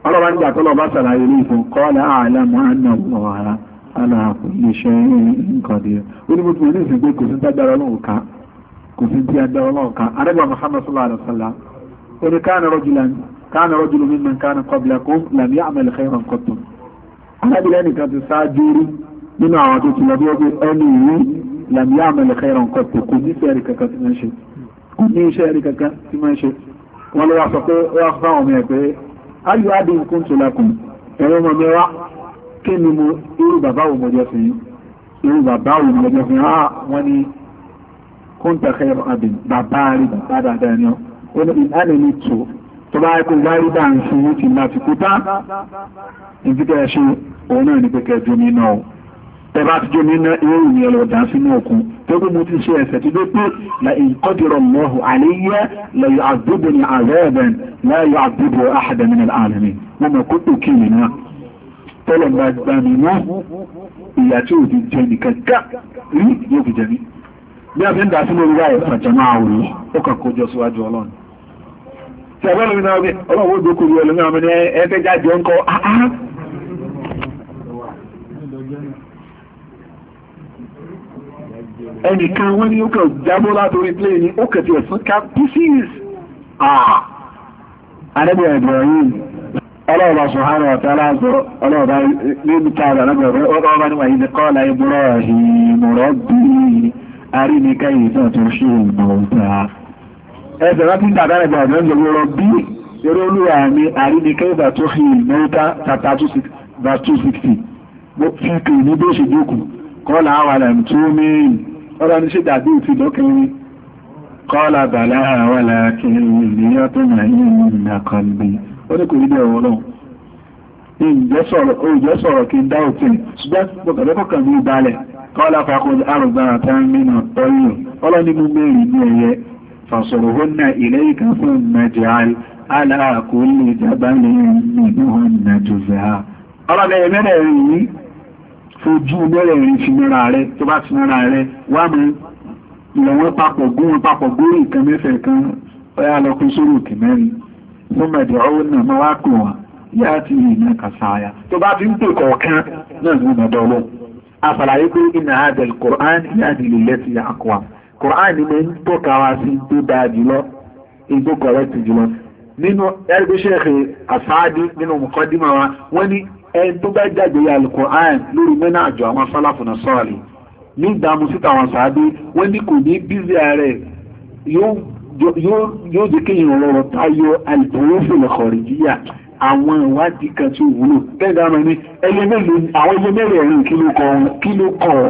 ọlọ́wà ń gbàtọ́ lọ bá sàlàyé ní ìfún kọ́lá àlàmà ànàmọ̀wàrá aláàkùnléṣẹ́ nǹkan dìé onímọ̀tò ní ìsìn pé kò sí dágbára ọlọ́run ká kò sí tí agbára ọlọ́run ká arẹ́gbà Muhammad sallallahu alaihi wasallam oní káàna rọ́jùlá káàna rọ́jùlú mímọ káàna kọ́bílá kó làbí àmàlì khairan qattu alábìlẹ̀ nìkan ti sáájú rí nínú àwọn tó ti lọ bí ọgbẹ́ ẹni wọ́n lọ́wọ́ sọ pé wọ́n fáwọn ọmọ ẹ̀ ayọ̀ adé nǹkan tó lákùn ẹ̀rọ ọmọ mẹ́wàá kí ni mo irú bàbá wo mọ̀jẹ́ fún yín irú bàbá wo mọ̀jẹ́ fún yín ah wọ́n ní kóńtà kẹrọ adé bàbá rí bàbá dáadáa ni ó ní ìdáná ní tò tó bá yẹ kó bá ń fún yín ti láti kú ìdíkẹ́ ṣe òun náà ní pé kẹjọ nínú tẹ̀bá ti jó mi ná irú mi ọ̀rọ̀ dá sínú òkun tó kú mo ti ṣe ẹ̀ṣẹ̀ tí dé pé la ìkọ́dìrọ̀ mọ́hù àléyé lẹ́yìn àdúgbò ní àrẹ́ẹ̀bẹ̀ lẹ́yìn àdúgbò àhàdẹ̀mí ní àrẹ́mí mo mọ̀ kó tó kí mi náà tọ́lọ̀ bá gbà mí mọ́ ìyà tí ò ti jẹ nìkan ká rí yóò fi jẹ mí bí a fi ń dà sínú orí ráyè fàjẹmọ́ àwòrán ó kàn kó jọ síwájú ọlọ́run tí a bá lómi náà ọlọ́run mi ní ẹgbẹ́jáde ń kọ́ ah, ah. ẹnìkan wọ́n ní ó kàn jábọ́ látorí plé ní ó kẹ̀tì ẹ̀sùn ká pieces ah! àrẹ́bẹ̀ Ibrahim ọlọ́ọ̀bá sọ̀hánà ọ̀tá aláàzọ ọlọ́ọ̀bá lébùtà àrẹ́bẹ̀ ọlọ́ọ̀bá ní wàyí kọ́lá Ibrahim rọ́bì arínìkà ìtàn tó ṣe ìmọ̀ọ́ta ẹ̀sẹ̀ láti ń dàdá ẹ̀bẹ̀ ọ̀dọ́ ìjọba rọ́bì eré olúwa mi arínìkà ìtàn tó ṣe ìmọ̀ọ́ta tàtà 260 mo fi kìí ní bó ṣe jókòó kọ́lá àwọn àlàmì tó mẹ́rin ọ̀rọ̀ ní ṣe dàbí ìtì lókèrè kọ́ọ̀lá bàlá àwọn aláàkiri ìlúyọ́ tó nà ní ìrìnà kan bí ó ní kò rí bẹ̀rẹ̀ ọlọ́run ìjọ sọ̀rọ̀ kí n dá òfin ṣùgbọ́n pọ̀kànlọ́kọ̀kan ní ìbálẹ̀ kọ́ọ̀lá fàkọ́ àrùgbà fojú mẹ́rẹ̀ẹ̀rin fi mẹ́ra rẹ tó bá fi mẹ́ra rẹ wá mọ́ ilẹ̀ wọn papọ̀ gún wọn papọ̀ gún nǹkan mẹ́fẹ̀ẹ́ kan ọyá lọ́kún sórí òkè mẹ́rin fún mẹ́dẹ̀ ọwọ́ náà máa wá pè wọ́n yá ti yìí náà kàṣáyà tó bá fi ń pè kọ̀ọ̀kan náà ní ọmọdé ọlọ́run afàlàyé pé iná adẹ̀ kọ̀ọ̀án yáàdì lè lẹ́sí àkọ́wà kọ̀ọ̀án ni mo ń tọ́ka sí tó dáa jùlọ ìgbókọ̀ọ́rẹ́ ti jùlọ nínú ẹgbẹ́ sẹ́ẹ̀kì àsáàdì nínú mọ̀kọ́dímọ̀ wa wọ́n ní ẹni tó bá jáde ya alukur'an lórí mẹ́nà àjọ àwọn sálàfù náà sọ́ọ̀lì ní ìdààmú síta àwọn sàádé wọ́n ní kò ní bízí ààrẹ yóò jẹ́ kéèyàn rọrọ̀ tayọ alìbòwófìlẹ̀ kọ̀rìjíyà àwọn ìwádìí kan tí ó wúlò tẹ́gbà mọ́ ní àwọn ilé mẹ́rin ẹ̀rin kí ló kọ̀ ọ́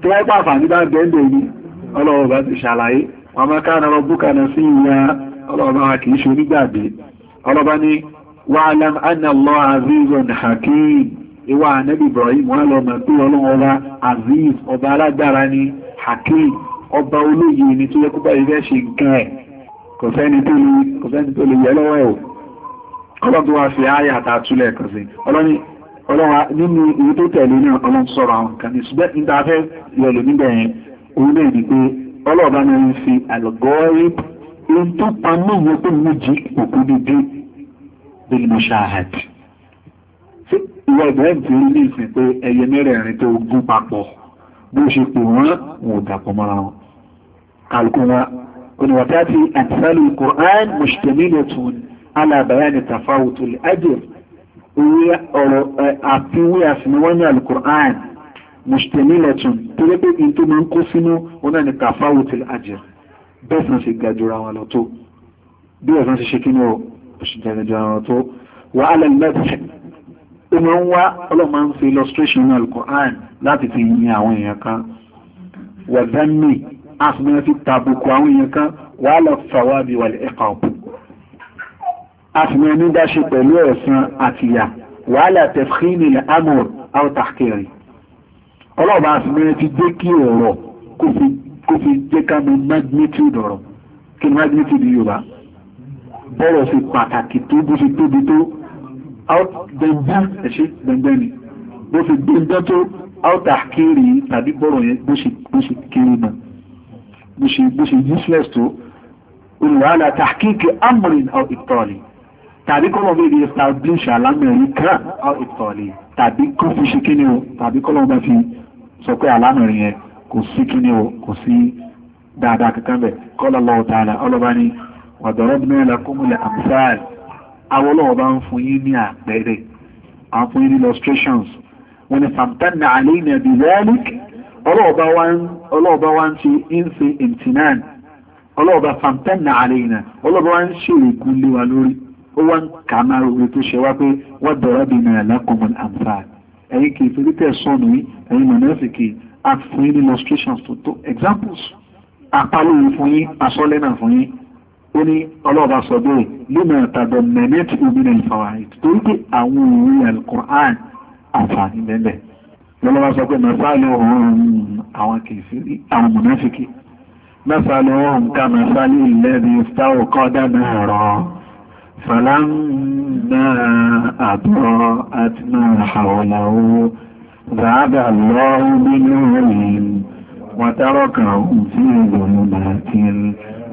tó wọ́n bá àǹfààní bá bẹ́ẹ̀ ní ọlọ́wọ́ bá ti ṣàlàyé wọn máa ká ọlọ́bùkà náà sí ìyá ọlọ́wọ́ bá kì í ṣe onígbàgbé ọlọ́bá ní wa'lam anna Allah azizun hakim ìwà ànábì Ibrahim wọ́n lọ mọ̀ pé ọlọ́run ọba aziz ọba alágbára ni hakim ọba olóyè ni tó yẹ kó bá ìfẹ́ ṣe nǹkan ẹ̀ kò fẹ́ni tó lè yẹ lọ́wọ́ ẹ̀ o ọlọ́run tó wá fi ààyè àtàtúlẹ̀ kan sí ọlọ́run ọlọ́wà nínú ìwé tó tẹ̀lé náà ọlọ́n sọ̀rọ̀ àwọn kan ní ṣùgbẹ́ ìdáfẹ́ yọlò níbẹ̀ yẹn orílẹ̀ èdè pé ọlọ́ọ̀bá náà ń fi àlọ́gọ́rí ohun tó pa náà yẹ pé méjì òkú dídí bíi mọ́ṣáàd ìwọ ìbẹ̀rẹ̀ ti rí ní ìsìn pé ẹyẹ mẹ́rẹ̀ẹ̀rin tó gún papọ̀ bó ṣe pè wọ́n wọn ò dàpọ̀ mọ́ra wọn kálukú wọn oníwàtàtì àtisálù Qur'an mùsùlùmílẹ̀tún alábàáyánì tàfáwùtò ajẹ́ ọ̀rọ̀ àfiwé àfiniwọ́nyà al-Qur'an mùsùlùmílẹ̀tún tó lé pé ajẹ́ bẹ́ẹ̀ sàn jẹrẹjẹrẹ tó wà á lẹ́nu mẹ́tẹ̀ẹ̀ ó máa ń wá ọlọ́mọ ń fi illustration náà Al-Qur'an láti fi yin àwọn èèyàn kan wà dánmì á sì máa fi tàbùkù àwọn èèyàn kan wà á lọ fàwábi wà lẹ́ẹ̀kọ́ á sì kí magnitude ọ̀rọ̀ kí bọ́rọ̀ sí pàtàkì tó bó ṣe tóbi tó dẹ̀ndá ẹ̀ṣẹ́ dẹ̀ndá ni bó ṣe dẹ̀ndá tó áùtà kéré tàbí bọ́rọ̀ yẹn bó ṣe kéré náà bó ṣe bó ṣe useless tó olùwàhálà tàkíkì amrin aw tàbí kọ́lọ̀ bí establish alámẹ̀rí kan aw tàbí kọ́ fi ṣe kíni o tàbí kọ́lọ̀ fi sọ pé alámẹ̀rí yẹn kò sí kíni o kò sí dáadáa kankan bẹ̀ kọ́lọ̀ wàdọ̀rọ̀bìnà ìlàkúnmùlẹ̀ àmsáàlì awọ́lọ́wọ́ bá ń fún yí ní àpẹẹrẹ àwọn fún yí ní illustrations wọ́n ni fàmtánà àlẹ́yìnà bí wọ́ọ̀lùk ọlọ́ọ̀bá wá ń ṣe ìnṣe ìmtìnàn illustrations tó tó examples apá lóore fún yín fún yín ó ní ọlọ́ọ̀bá sọ bóyí lónà tàbọ̀ mẹ́nẹ́tì obìnrin ìfàwáyé torí pé àwọn òwe alukur'an àǹfààní bẹ́ẹ̀ lọ́lọ́wọ́ sọ pé mẹ́sàálì ọ̀hún àwọn kìsìrí àwọn mọ̀náfíkì mẹ́sàálì ọ̀hún ká mẹ́sàálì lẹ́bi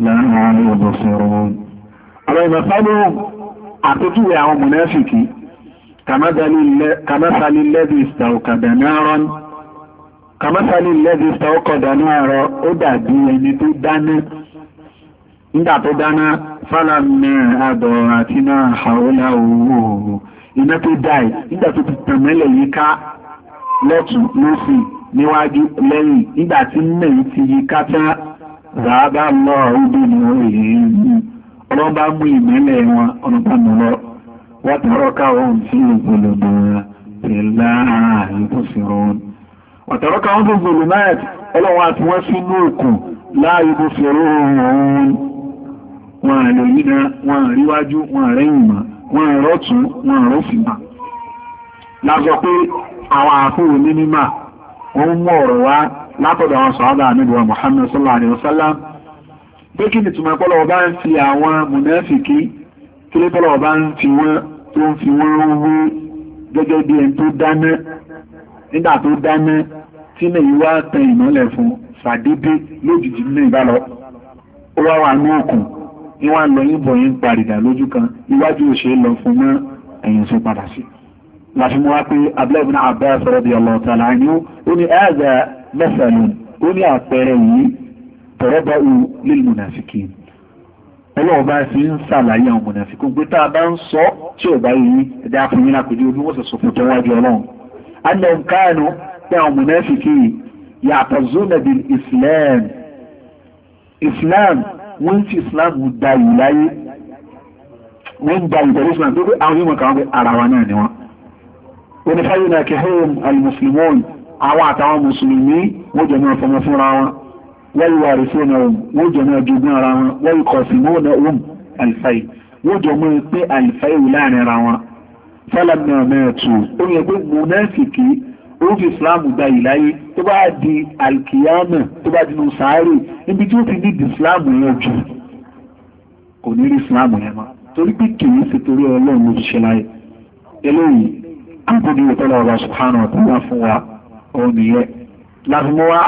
lẹ́nu àwọn ìbọ̀sọ̀rọ̀ àwọn ìbọ̀sọ̀rọ̀ àpótúwé àwọn mùnáfìkì kàmásàlì lẹ́bí ìstàọ̀kàdà náà rọ ó dàbí ẹni tó dáná nígbà tó dáná fálàmì àdọ̀ àti náà àwọ́lá òwúrò iná tó dáì nígbà tó ti tẹ̀mẹ́lẹ̀ yíká lọ́tún lọ́sì níwájú lẹ́yìn nígbà tí mẹ́rin ti yíká tán Dàábà lọ ọdún ìlú ìlú. Ọlọ́bá mú ìmẹ́lẹ̀ wọn, ọlọ́bá mú lọ. Wọ́n tàrọ káwọn sí ìgbòlòdò wọn, ìlà ìbùsìrún. Wọ́n tàrọ káwọn sí ìgbòlòdò náà, ọlọ́wọ́ àti wọ́n sínú òkun láàyè ìbùsìrún wọn àlè yína àwọn àfúrò ní wọ́n mú ọ̀rọ̀ wá látọ̀dọ̀ àwọn sọ̀hábà àníbọ̀ Muhammad sallallahu alaihi wasallam pé kí ni túnmọ̀ pọ́lọ̀ ọba ń fi àwọn mùnáfìkì kí lé pọ́lọ̀ ọba ń fi wọ́n tó ń fi wọ́n wú gẹ́gẹ́ bí ẹni tó dáná nígbà tó dáná tí lè wá tan ìmọ́lẹ̀ fún sàdédé lójijì ní ìbálọ̀ ó wá wà ní òkun ní wá lọ yíbọn yín parìdà lójú kan iwájú òṣèré lọ fún mọ́ ẹ̀yìn tó padà sí láti mú wá pé abúlé ibn Abbas radiyallahu ta'ala anhu ó ní ẹ́ẹ̀dẹ̀ mẹ́sàn-án ó ní àpẹẹrẹ yìí tọ̀rọ̀bà ò lil munafikin ọlọ́wọ́ bá fi ń sàlàyé àwọn munafikun pé tá a bá ń sọ tí ò bá yìí ẹ̀dá fún yín lápẹjú omi wọ́n sọ̀sọ̀ fún tọ́wájú ọlọ́run anna nkaanu pé àwọn munafikin yàtọ̀ zonabi islam islam wọ́n ti islam da yìí láyé wọ́n da yìí pẹ̀lú islam tó pé àwọn yìí mọ̀ kàwọn pé ara wa náà ni wọ́n onífàyè náà kẹhẹ́rùn àwọn àtàwọn mùsùlùmí wọ́n jẹ́ máa fọmọ fúnra wọn wọ́n yíwa rí fún ọ̀nà wọ́n jẹ́ máa jogún ara wọn wọ́n yí kọ̀ sí mọ́ọ̀nà òun àlìfáì wọ́n jẹ́ máa pé àlìfáì wù láàrin ara wọn fọ́lọ́mì ọ̀mẹ́ẹ̀tù ó yẹ pé mùnáfìkì ó fi ìsìláàmù gba ìláyé tó kò ní rí ìsìláàmù yẹn torí pé kìí ṣe torí ọlọ́run ló fi ṣe láyé eléyìí àbúrò ìtọ́lọ́ọ̀bá subhanahu wa ta'ala fún wa òun nìyẹn láfimọ́wá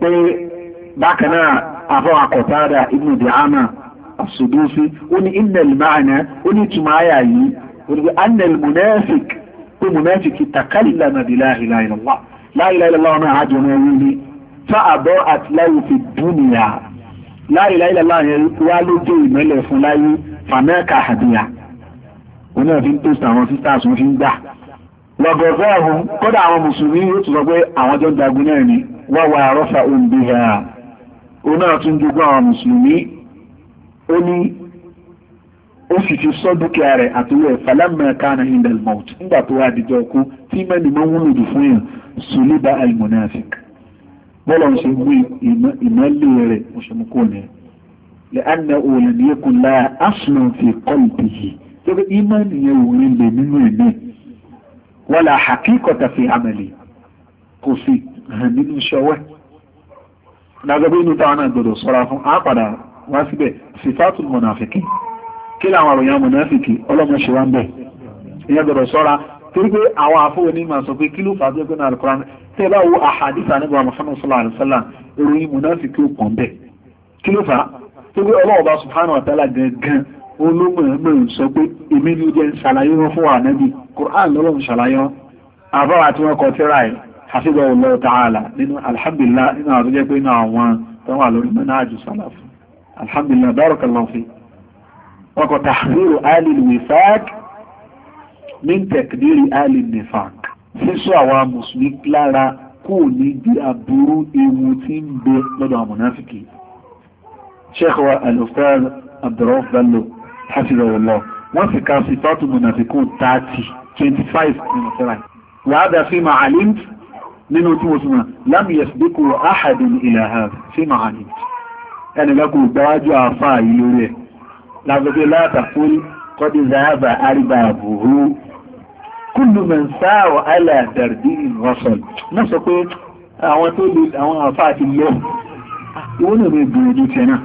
pé bákan náà àfọwọ́ àkọ́tàdà ibnu dìámà àṣùdúsí ó ní innal ma'na ó ní ìtumọ̀ àyà yìí ó ní annal munafik pé munafik takallama bi la ilaha illallah la ilaha illallah náà àjọ náà wí ni fa àbọ̀ àtìláyò fi dúnìyà la ilaha illallah lọ́gọ̀ọ́gọ́ ọ̀hún kódà àwọn musulmi yóò tún sọ pé àwọn jọ náà ni wà rọ́fà ha òun náà tún jogún àwọn musulmi ó ní ó sì ti sọ dúkìá rẹ̀ àtúwẹ̀ falamẹ́ka na nígbà tó wá dìjọ kú tí mẹ́ni wúlò fún yàn sùlíbà almonafik ń ṣe mú rẹ̀ mọ̀ṣẹ́mukú ni lẹ́ẹ̀nà òòlù láà asùnà fi kọ́ wọ́n la àkíkọ̀tà fi àmàlì kò sí nínú iṣẹ́ ọwẹ́ dágbẹ́gbẹ́ inú táwọn náà gbọdọ̀ sọ́ra fún àápàdà wá síbẹ̀ sífàtù mọ̀nàfìkì kí làwọn àròyìn mọ̀nàfìkì ọlọ́mọṣẹ́ wá ń bẹ̀ ìyẹn gbọdọ̀ sọ́ra torí pé àwọn àfọwọ́ ní máa sọ pé kí ló fà á tó olómọ̀ọ́mọ̀ sọ pé èmi ló jẹ́ ṣàlàyé wọn fún ànábì Qur'an lọ́lọ́run ṣàlàyé wọn àbáwà tí wọ́n kọ tíra ẹ̀ hafiza Allah ta'ala nínú alhamdulillah nínú àwọn tó jẹ́ pé nínú àwọn tó wà lórí manhaju salafu alhamdulillah barakallahu fi wọ́n kọ tahziru ali wifaq min takdiri ali nifaq sísọ àwọn mùsùlùmí lára kò ní sheikh wa al-ustaz abdurrahman bello láti rọrọ̀ lọ wọ́n sì ká sí tọ́tù mùnàfikún 30 25 nínú sẹ́ra wàhádà sí ma alim nínú tí mo súnmọ́ lámì yẹ̀sìdíkù áhàdùn ìlàhà sí ma alim ẹnìlẹ́kù gbáwájú àfà yìí lórí ẹ̀ lágbègbè látàkùn kọ́dí zahaba àríbà àbúrú kúlù mẹ́nsáàwọ̀ aláàdàrdí rọ́sọ̀l náà sọ pé àwọn tó lè àwọn àfà àti lọ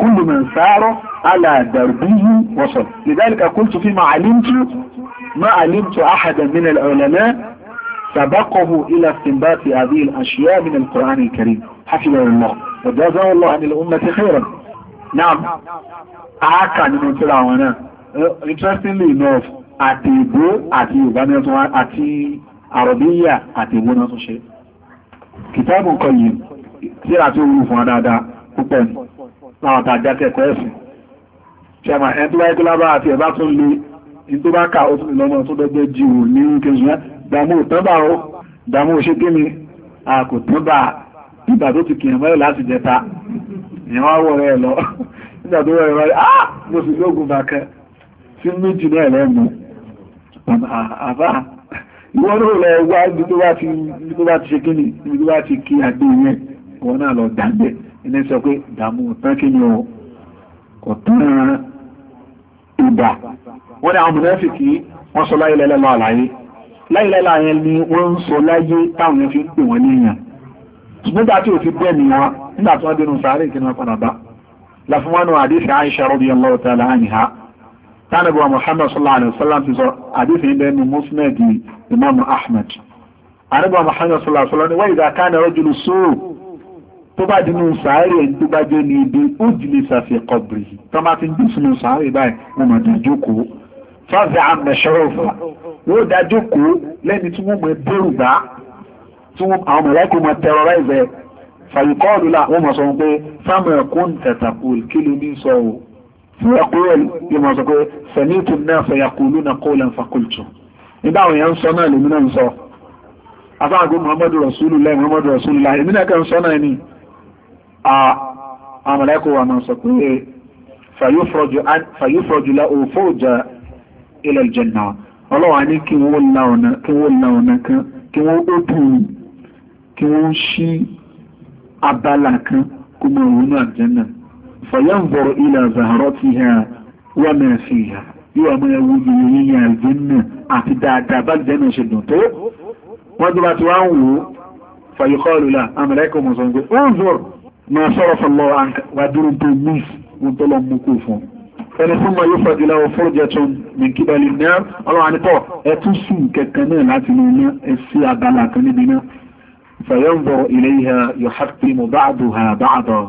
كل من سار على دربه وصل لذلك قلت فيما علمت ما علمت أحدا من العلماء سبقه إلى استنباط هذه الأشياء من القرآن الكريم حفظه الله وجزاه الله عن الأمة خيرا نعم أعكى من تلعونا interestingly enough àti ìbò àti ìbánẹ́tún àti àrọ̀bíyà àti ìbónà tó ṣe kìtàbù kọyìn tí a tó wù fún adáadáa púpọ̀ ni láwọn tàjá kẹ́kọ̀ọ́ ẹ̀sìn ṣẹ́mà ẹn tó wáyé tó lábá àti ẹ̀bá tó lè in tó bá ká òtún lọ́mọ tó dọ́gbẹ́ jìwò ní kejì yẹn dàmú òtọ́bà ó dàmú òṣè kí ni a kò tọ́bà ìgbà tó ah mo sì lóògùn bàkẹ́ sí méjì náà lẹ́nu àbá ìwọ́n náà lọ wá ibi tó bá ti ṣe kí ni ibi tó bá ti kí àgbé yẹn ìwọ́n náà lọ dàgbẹ́ ilé sọ pé ìdààmú tán kí ni kò tán ìdà wọ́n ní àwọn mùnáfìkì wọ́n sọ láyé lẹ́lẹ́ lọ́wọ́ àlàyé láyé lẹ́lẹ́ àyẹn ni wọ́n ń sọ láyé táwọn yẹn fi ń pè wọ́n ní èèyàn nígbà tí ò fi bẹ́ẹ̀ ni wọn nígbà tí wọ́n dénú sáré kí wọ́n padà bá láfún wọn náà àdéhìí Aisha radiyallahu ta'ala anha tó bá dínú sàárè ẹni tó bá jẹ́ ní ibi ó jìlẹ̀ sàfihàn kọ̀bìrì tó bá ti ń dùn sínú sàárè báyìí wọ́n mọ̀ tó jókòó fáfẹ́ àmẹ́ṣọ́rọ̀fà wọ́n dá jókòó lẹ́ni tí wọ́n mọ̀ bẹ́rù bá tí àwọn mọ̀lẹ́kù mọ̀ terrorize ẹ̀ fàyíkọ́ọ̀lù là wọ́n mọ̀ sọ pé fáwọn ẹ̀kọ́ ń tẹ̀tàkùl kí ló ní sọ o fún ẹ̀kọ́ mọ̀ sọ pé sẹ̀mítù àmàlẹ́kọ̀ọ́ wa máa sọ pé fàyófọ́jú la òfò ìjà ilẹ̀ ìjẹ̀nà ọlọ́wà ní kí wọ́n la ọ̀nà kan kí wọ́n ó bùn kí wọ́n ṣí abala kan kó mọ̀ òun àjẹ́nà fàyánbọ̀rọ̀ ilẹ̀ àzàrọ̀ ti hà wọ́n mẹ́rin ما صرف الله عنك ودور انت الميس وانطلع مكوفا فانا ثم يفرد له فرجة من كبال النار الله عنه طوح اتسو ككنان عتل الله السيع قال فينظر إليها يحطم بعضها بعضا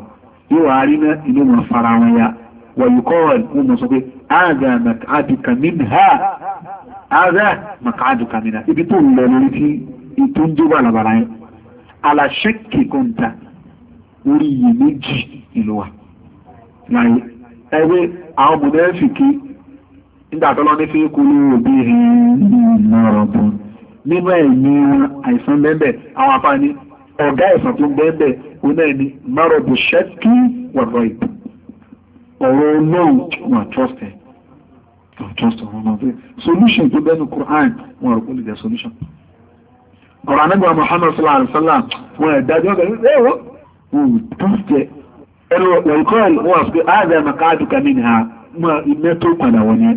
يوارنا إنما فرعويا ويقال أم صبي هذا مقعدك منها هذا مقعدك منها إبتون لولتي إتنجو على برعين على شك كنت orí iyì ìlú wa láyé ẹgbẹ́ àwọn bùdẹ́ fi kí nígbàtọ́lọ́ ní fi ní òbí rí lọ́rọ̀ bù nínú ẹ̀mí àìsàn bẹ́ẹ̀ àwọn afá ọ̀gá ẹ̀sàn tó bẹ́ẹ̀ oná ẹni márọ̀ bù ṣẹ́kí wọ̀rọ̀ ìbù ọ̀rọ̀ olóhùn solution tó bẹ́ẹ̀ ní Quran wọn jẹ́ solution ọ̀rọ̀ anábìwá Muhammad sallallahu alaihi wa òtúnṣe ẹnu wẹ̀lkọ́ọ̀lù wọ́n pé ààrẹ makaduka ní ha ma iná tó padà wọ̀ yẹn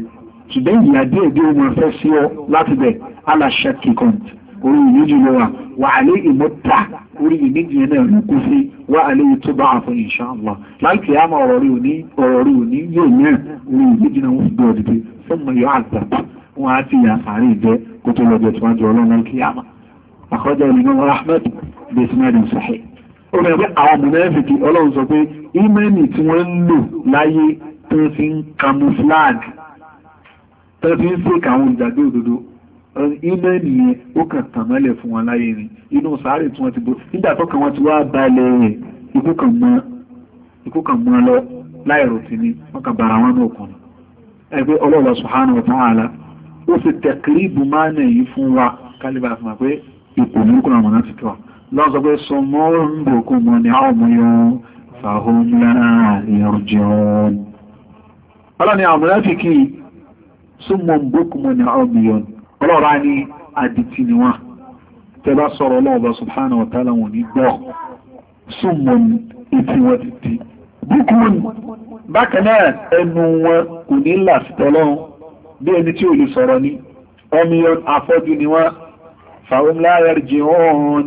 ṣùgbọ́n ìyá díẹ̀ díẹ̀ wọn fẹ́ sí ọ láti bẹ̀ aláṣẹ kíkọ́ǹtì orí ìyíjú ló wà wà alẹ́ ìmọ̀ta orí ìmíjì yẹn náà lókù sí wà alẹ́ yìí tó bá wà fún inshallah láìpẹ́ yà máa ọ̀rọ̀ rí òní ọ̀rọ̀ rí òní yóò yẹn orí ó rẹ̀ na àwọn ọlọ ọlọ́run sọ pé ímẹ́nì tí wọ́n ń lò láyé tó fi ń camouflage tó fi ń fèkà àwọn ìjàgbé òdodo ímẹ́nì yẹn ó kàn tàn mọ́lẹ̀ fún wọn láyé ni inú sàárè tí wọ́n ti bó nígbà tó kàn wọ́n ti wá balẹ̀ rẹ̀ ikú kàn mọ́ lọ láìrò tí ni wọ́n kàn wọn náà kùn ẹgbẹ́ ọlọ́run lọ́n sọ pé súnmọ́ ń bòkú mọ́ ní ọmọ fàhún láàrin ọjọ́n ọlọ́ni àmúráfíkì súnmọ́ ń bòkú mọ́ ní ọmọ ọlọ́ra ní àdìtì ni wọ́n tẹ́bá sọ̀rọ̀ ọlọ́ọ̀bá subhanahu wa ta'ala wọn ní gbọ́ súnmọ́ ìtì wọ́n ti ti bòkú bákan náà ẹnu wọn kò ní làsìtọ́lọ́run bí ẹni tí ò lè sọ̀rọ̀ ní ọmọ afọ́jú ni wọ́n fàhún láàrin ọjọ́n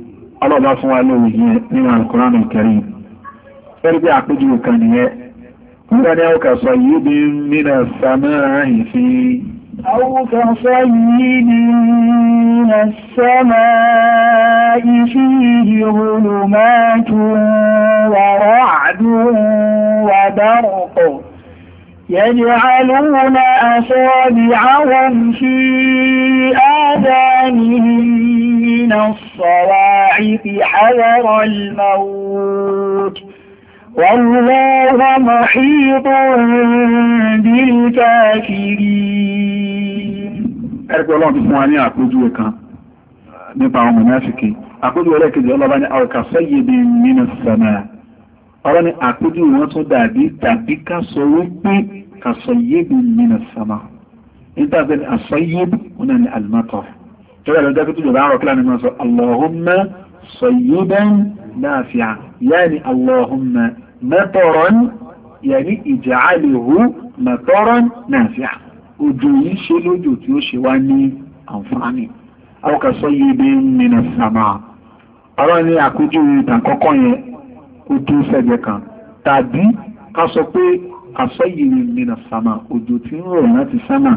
ọlọ́ọ̀bá fún wa lórí yẹn nínú Al-Qur'an Al-Karim fẹ́rẹ́ bí àpéjú kan nìyẹn nígbà ní ọkà sọ yìí bí nínú nínú sàmáà ìfi يجعلون أصابعهم في آذانهم من الصواعق حذر الموت والله محيط بالكافرين ẹ̀rẹ́gbẹ́ ọlọ́run ti fún wa ní àpójú ẹ̀kan nípa ọmọ mẹ́fìkì àpójú ẹlẹ́kejì ọlọ́bá ní àwọ̀kà sẹ́yẹ̀ bí nínú sẹ́mẹ́rẹ́ ọ̀rọ̀ ni àpéjú wọn tún dàbí tàbí ká sọ wípé ká sọ yébi nínú sàmà nígbà bẹ́ẹ̀ ni àsọ yébi wọn náà ni àlùmọ́tọ̀ tọ́lá ló dákẹ́ tó jọba àárọ̀ kílá ni wọ́n sọ allahumma sayyiban nafi'a yaani allahumma mataran yaani ij'alhu mataran nafi'a òjò yìí ṣe lójò tí ó ṣe wá ní àǹfààní àwọn kan sọ yébi nínú sàmà ọ̀rọ̀ ni àpéjú ìtàn kọ́kọ́ yẹn ojú sẹ́gbẹ́ kan tàbí ká sọ pé àsọ́yìnì mìíràn sàmà òjò tí ń rọ̀ láti sánà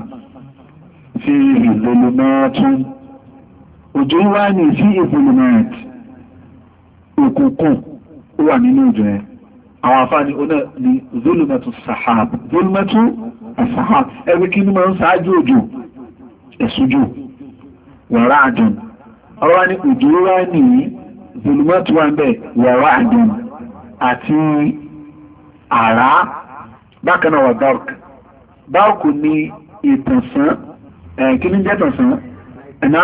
fi ìlòlùmọ́tún òjò wá ní sí ìfòlùmọ́t òkùnkùn ó wà nínú òjò ẹ̀ àwọn afáàní oná ni sahab zolumatu sahab ẹgbẹ́ kí ma máa ń sáájú òjò ẹ̀sùjò wàrá ọ̀rọ̀ òjò wá ní wa ń bẹ̀ àti àrá bákan náà wà dark dark ni ìtànsán kí ní jẹ́ tànsán ẹ̀nà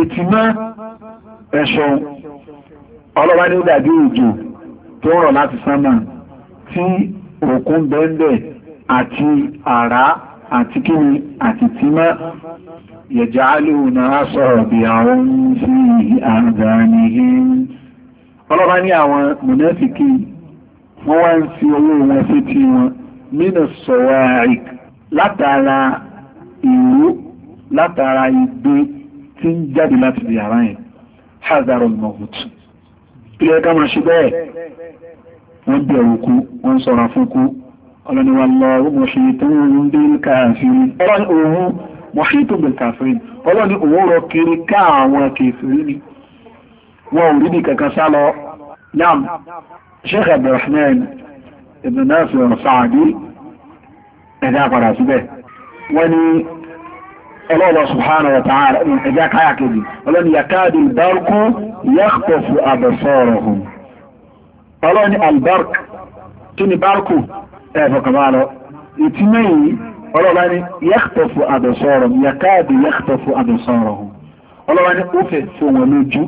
ìtìmọ́ ẹ̀ṣọ́ ọlọ́wà ní ìdàbí òjò tó rọ̀ láti sánmà tí òkun bẹ́ẹ̀bẹ̀ àti àrá àti kíni àti tímọ́ yẹ̀já alóhùn náà sọ̀rọ̀ bí àwọn sí àgbà nìyí ọlọ́ba ní àwọn mùnáfìkì wọ́n wá ń fi owó wọn sétí wọn nínú sọ̀rọ̀ àìk látara ìlú látara ìgbé tí ń jáde láti di ara yẹn hazaro mọ̀hútù ilẹ̀ ẹ̀ka máa ṣe bẹ́ẹ̀ wọ́n bẹ̀rù kú wọ́n sọ̀rọ̀ fún ọlọ́niwà lọ mọ̀ṣe tó tó ń dé wọn ò rí ní kankan sá lọ yam sheikh abdulrahman ibn nasir saadi ẹ̀dá padà síbẹ̀ wọ́n ní ọlọ́ọ̀lọ́ subhanahu wa ta'ala ẹ̀dá káyà kejì ọlọ́ni yakadu albarku yakhtafu abasarahum ọlọ́ni albark kí ni barku ó fẹ́ fún wọn lójú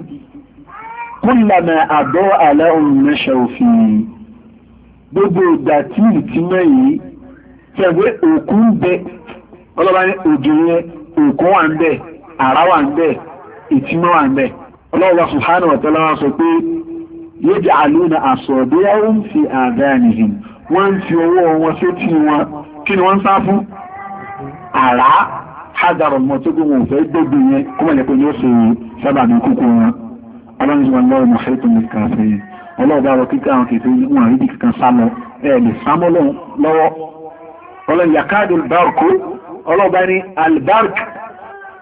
kúlànà àbọ̀ àlẹ́hùn mẹ́ṣẹ̀ òfin gbogbo ìgbà tí ìtìmọ̀ yìí tẹ̀wé òkú ń bẹ ọlọ́ba ní òjò yẹn òkú wà ń bẹ àrá wà ń bẹ ìtìmọ̀ wà ń bẹ ọlọ́ba subhanahu wa ta'ala sọ pé yéjì àlùna àsọ̀dẹ́yàwó ń fi àdáyànìhìn wọ́n fi owó wọn sétí wọn kí ni wọ́n sá fún àrá hádàrọ̀ mọ́tógún wọn ò fẹ́ gbógun yẹn kó yóò ṣe sábàbí kúkú wọn ọlọ́run lọ́wọ́ mọ̀ṣẹ́ tó ní kàfẹ́ ọlọ́ọ̀bá rọ kíkà àwọn kèfèé wọn àrídì kankan sámọ ẹ lè sámọ lọ́wọ́ ọlọ́run yakadu albarku ọlọ́ọ̀bá ní albark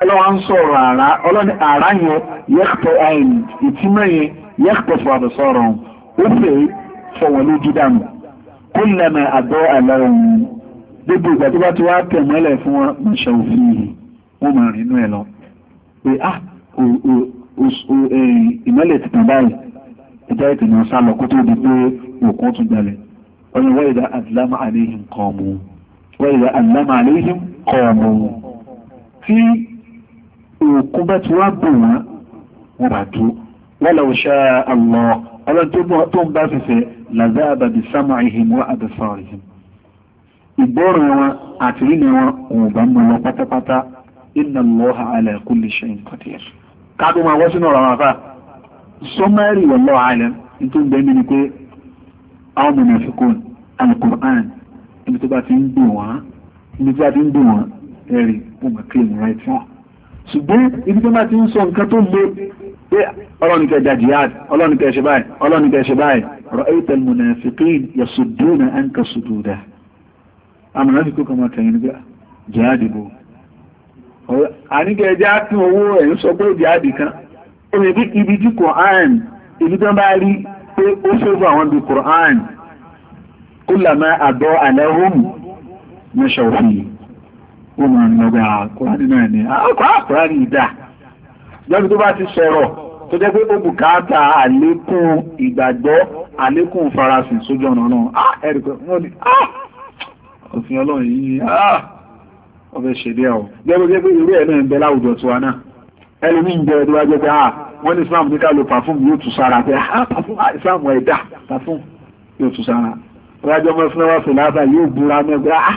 ọlọ́wọ́ ń sọ̀rọ̀ àrá ọlọ́ni àrá yẹn yẹ́kpọ̀ àìn ìtìmọ̀ yẹn yẹ́kpọ̀ fọ̀dọ̀ sọ̀rọ̀ ó fẹ́ fọwọ́ lójú dànù kó lẹ́mẹ̀ àbọ̀ àlọ́run gbogbo ìgbà tó bá ti wá tẹ̀ mọ́lẹ̀ fún wọn ṣe òfin yìí wọ́n máa inú ẹ̀ lọ pé ah ìmọ́lẹ̀ ti tàn báyìí ìjà ètò náà sálọ kó tó di pé òkun tún gbalẹ̀ ọ̀nà wọ́n ìdá àdìlámà àléhìn kọ̀ọ̀mù wọ́n ìdá àdìlámà àléhìn kọ̀ọ̀mù tí òkun bá ti wá bò wọ́n wọ́n bá tó wọ́n lọ́wọ́ àlọ́ ọlọ́run tó ń bá fẹsẹ̀ làzá àbàbí sámà ìhìn wọ́n àbẹ̀fà kátó máa wọ́ sínú ọ̀rọ̀ àwọn afá sọmárì wọ̀lọ́ àìlẹ̀ tó ń gbẹ́mí ni pé àwọn mọ̀nàfikún alukur'an ibi tó bá ti ń gbò wọ́n ibi tó bá ti ń gbò wọ́n ẹ̀rì mo mọ̀ kí èmi ráìtì wọn. ṣùgbọ́n ibi tó bá ti ń sọ nǹkan tó le pé ọlọ́nìkẹ́ ja ọlọ́nìkẹ́ ṣe ọlọ́nìkẹ́ ṣe àníkẹ́ ẹjẹ́ á tún owó ẹ̀ ń sọ pé òdì àdì kan omi bí ibi tí Quran ibi tó bá rí pé ó ṣòfò àwọn bí Quran kó làmá àbọ̀ àlẹ́hùn mẹ́ṣọ̀ òfin ó máa ń lọ́gbà Quran náà ni Quran ìdá jọ́bi tó bá ti sọ̀rọ̀ òfin ọlọ́run yìí ọbẹ̀ ṣẹ̀díà ọ̀ gẹ́gẹ́ gẹ́gẹ́ irú ẹ̀ náà ń bẹ láwùjọ wa náà ẹlòmí ń jẹ ẹni jẹ́ pé ah, wọ́n ní islam ní ká lo pàfúm yóò tù sára pé ah pàfúm ah, islam ẹ̀ dà pàfúm yóò tù sára ọ̀rájọ́ mọ́ fúnlẹ́wà fèlàfà yóò búra mẹ́gbẹ́ ah,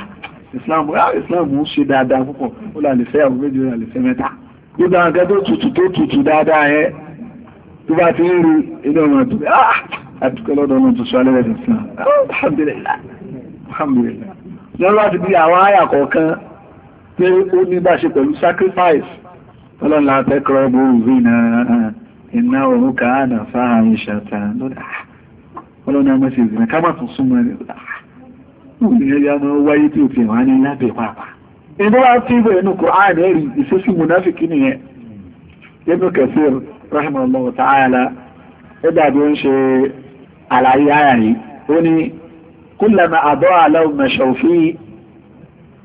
islam ah islam ń ṣe dáadáa púpọ̀ ó là lè fẹ́ àwọn méjì ó là lè fẹ́ mẹ́ta gbogbo àwọn akẹ́ tó tó tutù dáadáa yẹn tó bá ti ń rí inú ọmọ tó ah àtúkọ́ lọ́dọ̀ ọmọ tó sọ alẹ́ rẹ̀ islam alhamdulillah alhamdulillah lọ́wọ́ ti di àwọn àyà pé ó ní bá ṣe pẹ̀lú sacrifice ọlọ́nà àtẹ́kọ̀ọ́ gbòòrò náà iná òun kàánà fáhàn ìṣàtà ọlọ́nà mẹ́sì ìzìnà ká má tún súnmọ́ rẹ̀ ìyẹn ya máa wáyé tí ò fi wá ní lábẹ́ pàápàá ìdí wá tí ìbò ẹnu kò áàrẹ rí ìṣesí munafiki nìyẹn Ibn Kathir rahimahullah ta'ala ó dàbí ó ń ṣe àlàyé àyà yìí ó ní kullama àbọ̀ àlọ́ mẹ́ṣọ̀fí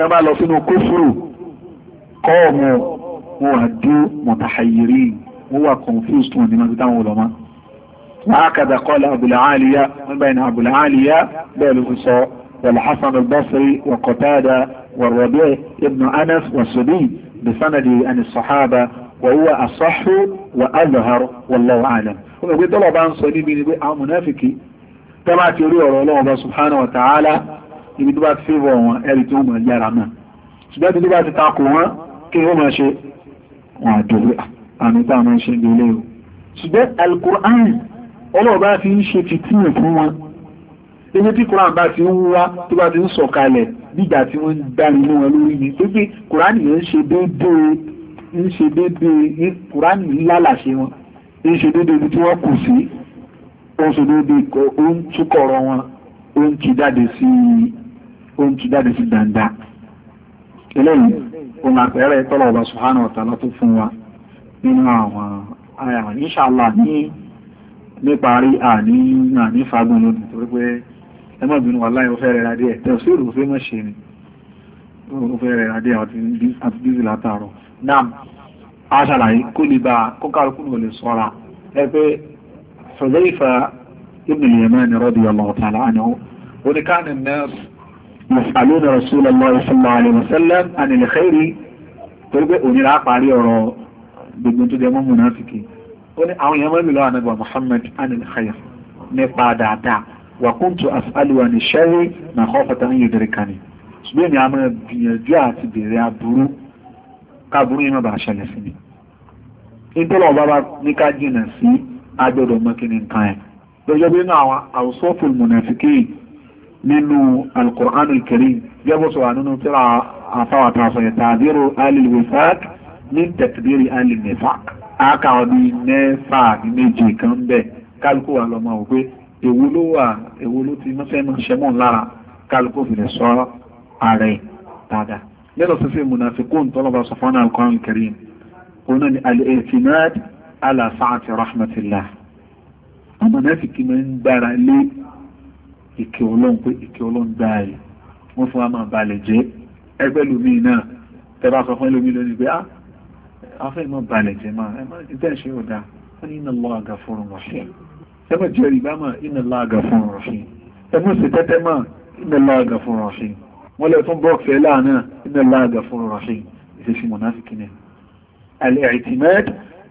tí a bá lọ sínú kófúrù kọ́ọ̀mù wọn wà dú mọ̀tàhàyírí wọ́n wà confused wọn ní ma títà wọn lọ́mọ́ وهكذا قال أبو العالية بين أبو العالية بين الفصاء والحسن البصري وقتادة والربيع ابن أنس والسبي بسنده عن الصحابة وهو أصح وأظهر والله أعلم وقال طلبان صليبين بأمنافكي طلعت يريد الله سبحانه وتعالى ibi tó bá ti fẹ́wọ̀ wọn ẹ̀rì tí wọ́n mọ̀ yára náà ṣùgbọ́n tí tó bá ti takò wọn kí wọ́n máa ṣe wọn àdúrà àmì tá a máa ṣe ìdílé o ṣùgbọ́n alukur'an ọlọ́ọ̀bá fi ń ṣe fìtínà fún wọn ebi tí kuran bá ni tó pé kuran yẹn ń ṣe déédéé ń ṣe déédéé kuran lálàṣe wọn sí ó ń tú jáde sí dáadáa eléyìí òun àpẹẹrẹ tọ́lọ̀ ọba subhanahu wa ta'ala tó fún wa nínú àwọn àyà inṣàlá ní níparí àní àní fagbọn lónìí torí pé ẹ má bínú wallahi ó fẹ́ rẹ̀ ra díẹ̀ tẹ̀ sí ìrùfẹ́ mọ̀ ṣe ni ó fẹ́ rẹ̀ ra díẹ̀ àti bíbí látàárọ̀ náà a ṣàlàyé kó lè bá kókàlùkù lè sọ́ra ẹ pé Hudhayfa ibn al-Yamani radiyallahu ta'ala anhu ó ní yas'aluna Rasulullahi sallallahu alaihi wasallam anil khairi torí pé òníra parí ọ̀rọ̀ gbogbo tó jẹ́ mọ́ mùnáfìkì ó ní àwọn èèyàn mọ́mí lọ́wọ́ anábọ̀ Muhammad anil khair nípa dáadáa wa kuntu as'aluhu ní sharri na khafata an yudrikani ṣùgbọ́n ní a máa gbìyànjú àti bèrè aburú káburú yìí má bàa ṣẹlẹ̀ sí mi nítorí ọba bá nínú alkùránù karim gẹ́gbọ́ sọ wà nínú tíra àfáwàtà sọ̀yẹ̀ tàbírò alìlwifak ní tẹ̀kìdírí alìnifak aka ọdún mẹ́fà ní méje kan bẹ̀ kálukú wà lọ́mọ òpé èwo ló wà èwo ló ti mọ́sẹ́nu ṣẹ́mọ̀ lára kálukú fìlẹ̀ sọ ààrẹ dada lẹ́lọ́ sí sí munafikun tọ́lọ́bà sọ fọ́nà alkùránù karim òun ni alìẹ̀tìmáàd rahmatillah ọmọ náà fi kí mẹ́ ń gbára lé ìkẹ́ ọlọ́run pé ìkẹ́ ọlọ́run gbáàrí wọ́n fún wa máa balẹ̀ jẹ́ ẹgbẹ́ lómi náà tẹ́bá sọ fún ẹlòmí lónìí pé afẹ́ ah, ìmọ̀ balẹ̀ jẹ́ máa ẹ máa ìtẹ́ ṣe ọ̀dà wọ́n ní iná lọ́wọ́ àga fún ọ̀rọ̀ ṣe ẹ mọ̀ jẹ́ ìgbà máa iná lọ́wọ́ àga fún ọ̀rọ̀ ṣe ẹ mọ̀ sí tẹ́tẹ́ máa iná lọ́wọ́ àga fún ọ̀rọ̀ ṣe wọ́n lẹ tún bọ́ọ̀kì ẹ̀ iná lọ́wọ́ àga fún ọ̀rọ̀ ṣe ìṣesí mọ̀náfíkì ni al-i'timad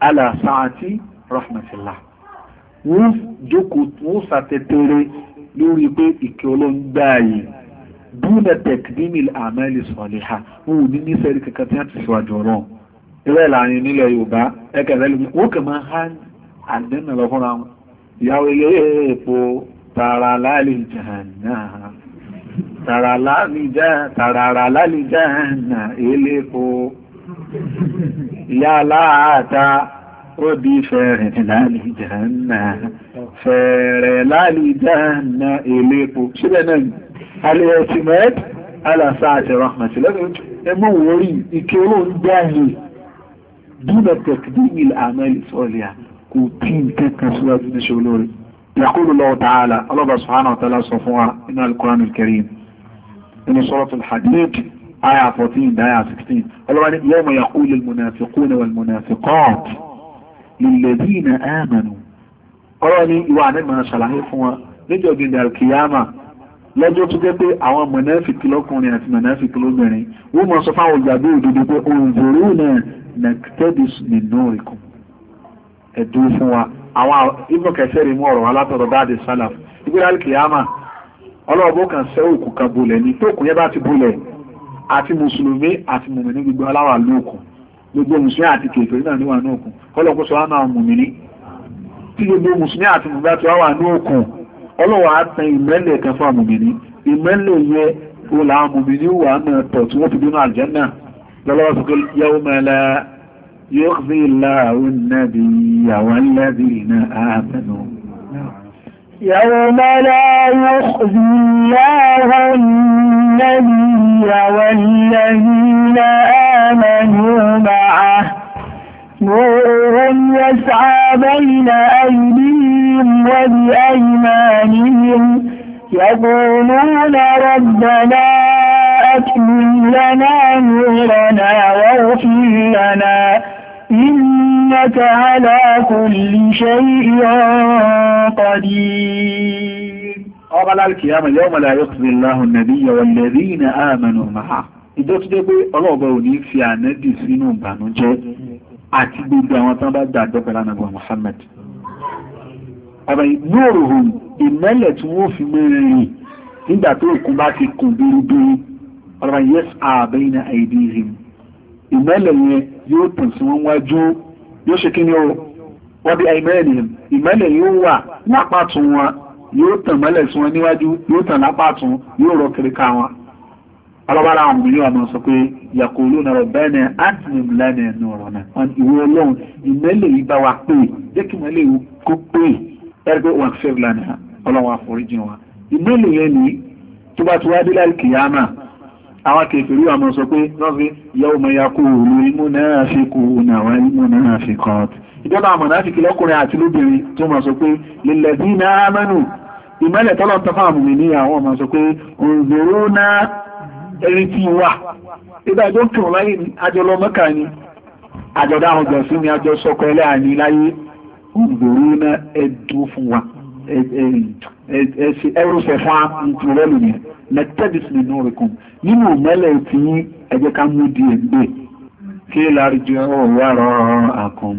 ala sa'ati rahmatillah wọ́n jókòó wọ́n sàtẹ̀tẹ̀rẹ̀ lórí pé ìkẹ́ ọlọ́run gbáàyè dúnà tẹ̀kínímì àmẹ́lì sọ̀lẹ́hà wọn ò ní nífẹ̀ẹ́ kankan tí wọ́n ti síwájú ọlọ́run ìrẹ́ ìlànà nílẹ̀ yorùbá ẹ̀kẹ́ rẹ̀ lómi wọ́n kàn máa hán àdéhùn lọ fúnra wọn ìyàwó ilé èèpo tààrà láàlì jàǹnà tààrà láàlì jàǹnà èlé èpo ìyá aláàtà. وبشاه لالي جهنم فير لالي جهنم إليكو شبنا الاعتماد على ساعة رحمة الله ẹmọ́ wọ́rí ìkẹ́ olóòrùn dáyé dúnà tẹ̀kìdìmì àmẹ́lì sọ́lẹ̀ kò tí n kẹ́kàn síwájú ní ṣe olóòrì yàkúrò lọ́wọ́ tààlà ọlọ́bà sọ̀hánà ọ̀tàlá sọ fún wa inú alkùránì kẹrin inú suratul hadid aya 14 aya 16 ọlọ́wà ní yawma yaqulu al-munafiquna wal-munafiqat lilladhina amanu ọ̀rọ̀ ni ìwà àdẹ́mọ̀ ṣàlàyé fún wọn níjọ́ gbìndà kìyàmà lọ́jọ́ tó jẹ́ pé àwọn mọ̀nẹ́fìkì lọ́kùnrin àti mọ̀nẹ́fìkì lóbìnrin wọ́n mọ̀ sọ fáwọn ìgbàgbé òdodo pé òǹzòrò náà nàkítẹ́dìs nínú ìkù ẹ̀dùn fún wa àwọn ibùn kẹsẹ́ rí mú ọ̀rọ̀ alátọ̀rọ̀ dáàdì sálàf ìgbéra kìyàmà ọlọ́ọ̀bọ̀ kan sẹ́ òkú kan bolẹ̀ ní tókùn yẹn bá ti bolẹ̀ àti mùsùlùmí àti mùmìnì gbogbo aláwà lóòkùn gbogbo mùsùlùmí àti kèfèrí náà níwà ní òkun kọ́lọ̀kọ́ sọ ánà mùmìnì tí gbogbo mùsùlùmí àti mùgbà tó wà ní òkun ọlọ́wà àtàn ìmẹ́lẹ̀ kan fún àmùmìnì ìmẹ́lẹ̀ yẹ olà àmùmìnì wà náà tọ̀ tí wọ́n fi dúnà àlùjánnà lọ́lọ́wọ́ يوم لا يخزي الله النبي والذين آمنوا معه نورهم يسعى بين أيديهم وبأيمانهم يقولون ربنا أكمل لنا نورنا واغفر لنا إن إنك على كل شيء قدير ọmọlá alkiyama yọ́ mọ̀lá yóò fi láhùn nàbí yọ̀wọ̀n lẹ́rí ní àmànà máa ìjọ́ tó dé pé ọlọ́ọ̀bọ̀ ò ní fi ànẹ́bì sínú ìbànújẹ́ àti gbogbo àwọn tán bá gbàgbọ́ pẹ̀lú ànàbọ̀ Muhammad ọ̀rọ̀ ìgbóòròhùn ìmẹ́lẹ̀ tí wọ́n fi mẹ́rin rìn nígbà tó òkun bá ti kùn bíríbírí ọ̀rọ̀ yẹ́sà àbẹ́yìn àìdíhìn ìmẹ́lẹ̀ yẹn yóò tàn sí wọn wájú yóò ṣe kí ni o wọ́n bí àìmẹ́rin ìmẹ́lẹ̀ yóò wà lápá tún wọn yóò tàn mọ́lẹ̀ sí wọn níwájú yóò tàn lápá tún yóò rọ kiri ká wọn. alábàárà àwọn ọmọ yóò àmọ́ sọ pé yàkó olú nàrọ̀ bẹ́ẹ̀ni átìmí lẹ́ni ẹ̀nu ọ̀rọ̀ náà wọn ìwé ọlọ́run ìmẹ́lẹ̀ yìí bá wa pé jẹ́ kí mọ́lẹ̀ yìí kó pé ẹ̀rí pé wọn fẹ́ẹ́ lánàá ọlọ́run àforíjì wọn ìmẹ́lẹ̀ yẹn ni tó bá ti wá dé láì kìyàmà àwọn kèfèrí àmọ́ sọ pé lọ́fí yawma yaqulu al-munafiquna wal-munafiqat ìjọba àmọ̀náfikì lọ́kùnrin àti lóbìnrin tó máa sọ pé lilladhina amanu ìmọ́lẹ̀ tọ́lọ̀ tọ́fà àmùmí ní àwọn ọmọ sọ pé unzuruna ẹ̀rí tí wà ìdájọ́ kìrùn láyé ni àjọ̀dá àwọn jọ̀sí ni àjọ sọkọ̀ ẹlẹ́ àní láyé unzuruna ẹ̀dùn fún nẹtẹ́bí sí nínú rẹ̀ kan nínú ìmọ́lẹ̀ tí ẹjẹ́ ká mú di ẹgbẹ́ kí láríjẹ́ ọ̀rọ̀ àrọ̀ àkàn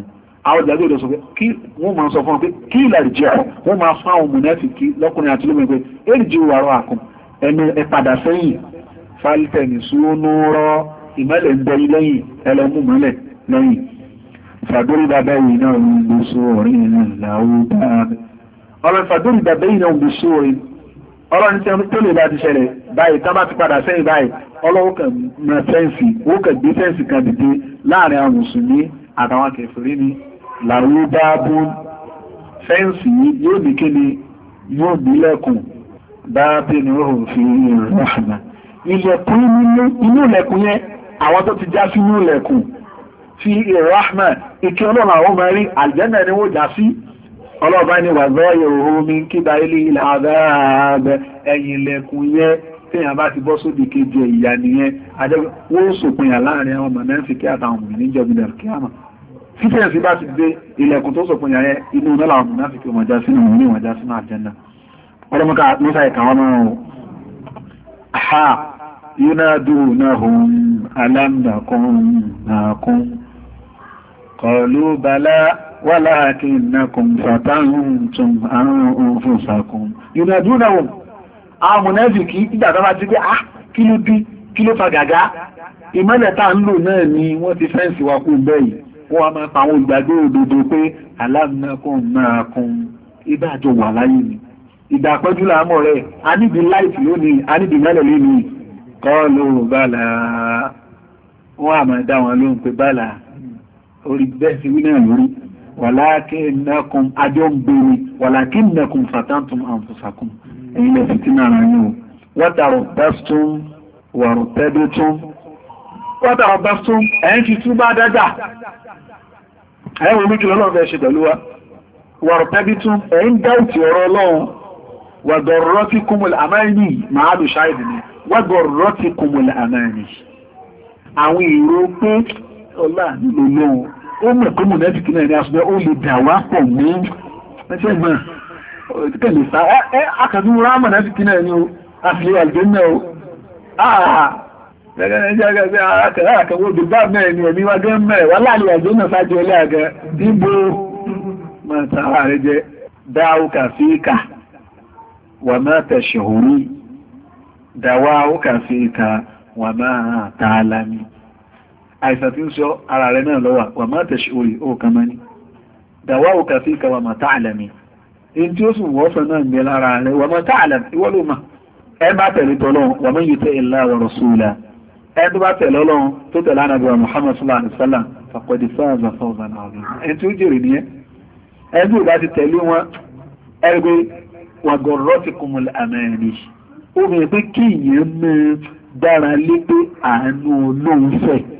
àwọn ìjàgbé ìdọ̀sọ̀ pé kí wọ́n máa sọ fún ọ pé kí láríjẹ́ wọ́n máa fún àwọn mọ̀nẹ́fì kí lọ́kùnrin àti lómi pé èrìjẹ́ ọ̀rọ̀ àkàn ẹnu ẹ padà sẹ́yìn fálítẹ̀nì súnú rọ ìmọ́lẹ̀ ń bẹ̀yí lẹ́yìn ẹlọ́mú mọ́lẹ̀ lẹ́yìn fàdórí bàbá yìí náà ń gbèsò orin ìlàwó yìí náà ọlọ́run tí ọmọ tó lè bá ti ṣẹlẹ̀ báyìí tábà ti padà sẹ́yìn báyìí ọlọ́run kan mọ fẹ́ǹsì ó kàn gbé fẹ́ǹsì kan dìde láàrin àwọn mùsùlùmí àtàwọn kẹfìrí ni làwọn bá bú fẹ́ǹsì yóò ní kíni yóò bí lẹ́kùn bá bí ni ó hùn fi ìrọ̀hànà ilẹ̀kùn inú ilẹ̀kùn yẹn àwọn tó ti já sínú ọlọ́ọ̀bá ni wàzọ́ yòòhó mi kíba ilé ilẹ̀ àgbààbẹ̀ ẹ̀yìn ilẹ̀kùn yẹn téèyàn bá ti bọ́ sódì kejì ìyà nìyẹn adẹ́gbẹ́ wọ́n sòpinya láàrin àwọn ọmọ mẹ́rin fìkẹ́ àtàwọn ọmọ níjọ gbìdẹ̀ kíámà fífẹ́yàn sí ولكنكم فتنتم أنفسكم ينادونهم àwọn mọ̀nẹ́fìkì ìgbàtà bá ti pé ah kí ló bí kí ló fa gàgá ìmọ́lẹ̀ tá ń lò náà ni wọ́n ti fẹ́ǹsì wa kú bẹ́yìí wọ́n a máa pa àwọn ìgbàgbé òdodo pé aláàmìnàkùn máa kún ìbájọ wà láyé ni ìdàpẹ́jú láàmọ́ rẹ̀ a níbi láìsí lónìí a níbi mẹ́lẹ̀ lónìí kọ́ọ̀lù bàlá náà wàlákínàkùn àjọ́gbèrè wàlákínàkùn fàtàntùn àǹfùsàkùn ẹ̀yin lè fìtí náà rà yóò wọ́tàrọ̀ bẹ́stún wọ̀rọ̀ tẹ́dẹ́tún wọ́tàrọ̀ bẹ́stún ẹ̀yìn fi túbá dájà ẹ̀yìn omi kìlọ́ lọ́wọ́ ṣe pẹ̀lú wa wọ̀rọ̀ tẹ́dẹ́tún ẹ̀yìn dáùtì ọ̀rọ̀ ọlọ́run wàgọ̀rọ̀ tí kùmùl àmáyìní màálù ṣáìdì ni wàgọ̀rọ̀ tí kùmùl àmáyìní àwọn ìró pé ọlá nílò lóhun ó mọ̀ pé mọ̀lẹ́bìkì náà ní aṣọ́gbẹ́ ó lè dà wá pọ̀ ní ẹṣẹ́ ìgbọ̀n tẹ̀lé sá ẹ́ akàdún rá mọ̀lẹ́bìkì náà ní àfihàn àjẹ́ náà ó àà gẹ́gẹ́ àkàwọ́ òdìgbà mẹ́rin ní ẹ̀mí wájẹ́ mẹ́rin wá láàrin àjẹ́ náà sájẹ́ ọlẹ́ àgẹ́ níbo mọ̀tàrà rẹ̀ jẹ́ dáwùkà fíkà wà máa tẹ̀ṣẹ̀ òrí ó kà àìsàn tí ń sọ ara rẹ̀ náà lọ́wà wà má tẹ̀ṣe òyì ó kàn mọ́ ni dàwa ò kà sí ìkàwà mà tá àlẹ́mì èyí tí ó sì wọ́ sọ náà ń bẹ lára rẹ̀ wà má tá àlẹ́mì ìwọ ló mà ẹ bá tẹ̀lé tọ́lọ́ wà má yìí tẹ́ ìlà wà rọ̀ṣúlà ẹ tó bá tẹ̀lé tó tẹ̀lé dára lé pé àánú olóhùn fẹ́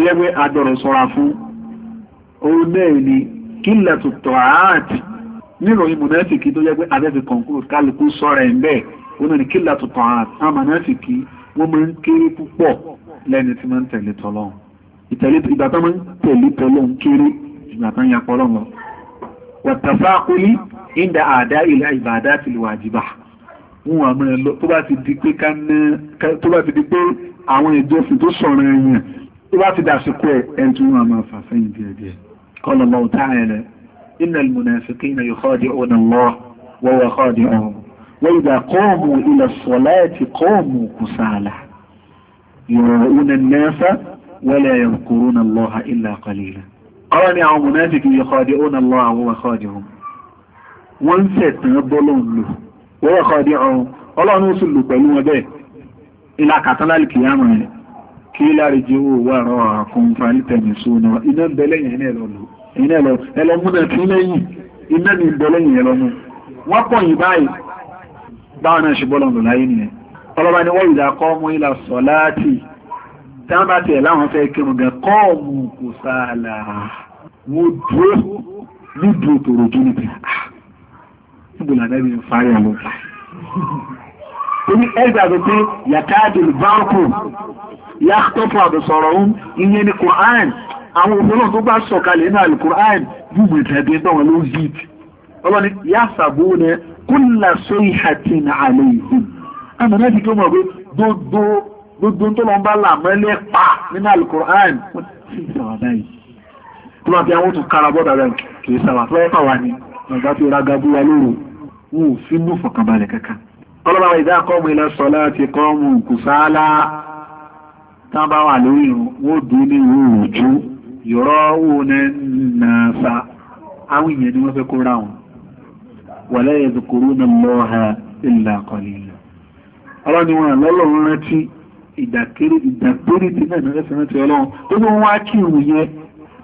tó yẹ pé agbọ̀rọ̀ sọ́ra fún òun náà ni kílẹ̀ tuntun àáàtì níròyìn mọ̀nẹ́fìkì tó yẹ pé abẹ́fì kọ̀ǹkúrò kálukú sọ́ra ẹ̀ ń bẹ́ẹ̀ òun ni kílẹ̀ tuntun àáàtì àwọn mọ̀nẹ́fìkì wọ́n máa ń kéré púpọ̀ lẹ́ni tí máa ń tẹ̀lé tọ́lọ́hún ìgbà tó máa ń tẹ̀lé tọ́lọ́hún kéré ìgbà tó ń yapọ̀ lọ́wọ́ wàtàfáàkúlí ìdá àmọ́ ẹ̀ tó bá ti di pé àwọn ìjọsìn tó sọ̀rọ̀ ẹ̀yàn tó bá ti dàsìkò ẹ̀ ẹni tó wọ́n máa fà sẹ́yìn díẹ̀ díẹ̀ kọ́lọ̀ lọ ta'ala innal munafiqina yukhadi'una Allah wa huwa khadi'uhum wa idha qamu ila as-salati qamu kusala yura'una an-nasa wa wọ́n sẹ̀tàn bọ́lọ́n lò wa huwa khadi'uhum ọlọ́run kí láàrin jí owó wà rán àkún fanítẹ̀mì sóná iná ń bẹ̀lẹ̀ yẹn ẹlọ́mú ẹlọ́múnà tí lẹ́yìn iná ní bẹ̀lẹ̀ yẹn ẹlọ́mú wọ́n pọ̀ yìí báyìí báwọn náà ṣe láyé nìyẹn ọlọ́ba ni wọ́n ìdá kọ́ mú ilà sọ láti tábà tẹ̀ láwọn fẹ́ kírun gan kọ́ mú kò sáàlà wọ́n dúró lúdú ah! ni níbo làdá bí yàtọ̀fọ̀ àbùsọ̀rọ̀ ohun ìyẹn ni Quran àwọn òfin tó bá sọ̀kalẹ̀ nínú alukur'an gbogbo ìtẹ̀bí náà ló yí ọlọ́ni yásàbó ní kúlà sóyí àti àlẹ́ ìhù àmìnà ti tó mọ̀ pé gbogbo tó lọ bá làmọ́lẹ́ pa nínú alukur'an sí ìsàwà báyìí tó bá fi àwọn tó kára bọ́dà rẹ̀ kì í sàwà fẹ́ ní ọ̀gá tó ra gabu wa kankan ọlọ́ba ìdá kọ́mù ilẹ̀ sọ́lá ti kọ́mù kùsálà tán bá wà lórí wó dúó ní ìrújú yọ̀rọ̀ owó náà sa àwọn èèyàn ni wọ́n fẹ́ kó ra wọn wala yadhkuruna Allaha illa qalila ọlọ́ni wọn lọ́lọ́run rántí ìdàkérédì náà lọ́sẹ̀ rántí ọlọ́run tó bí wọ́n wá kí ìrù yẹn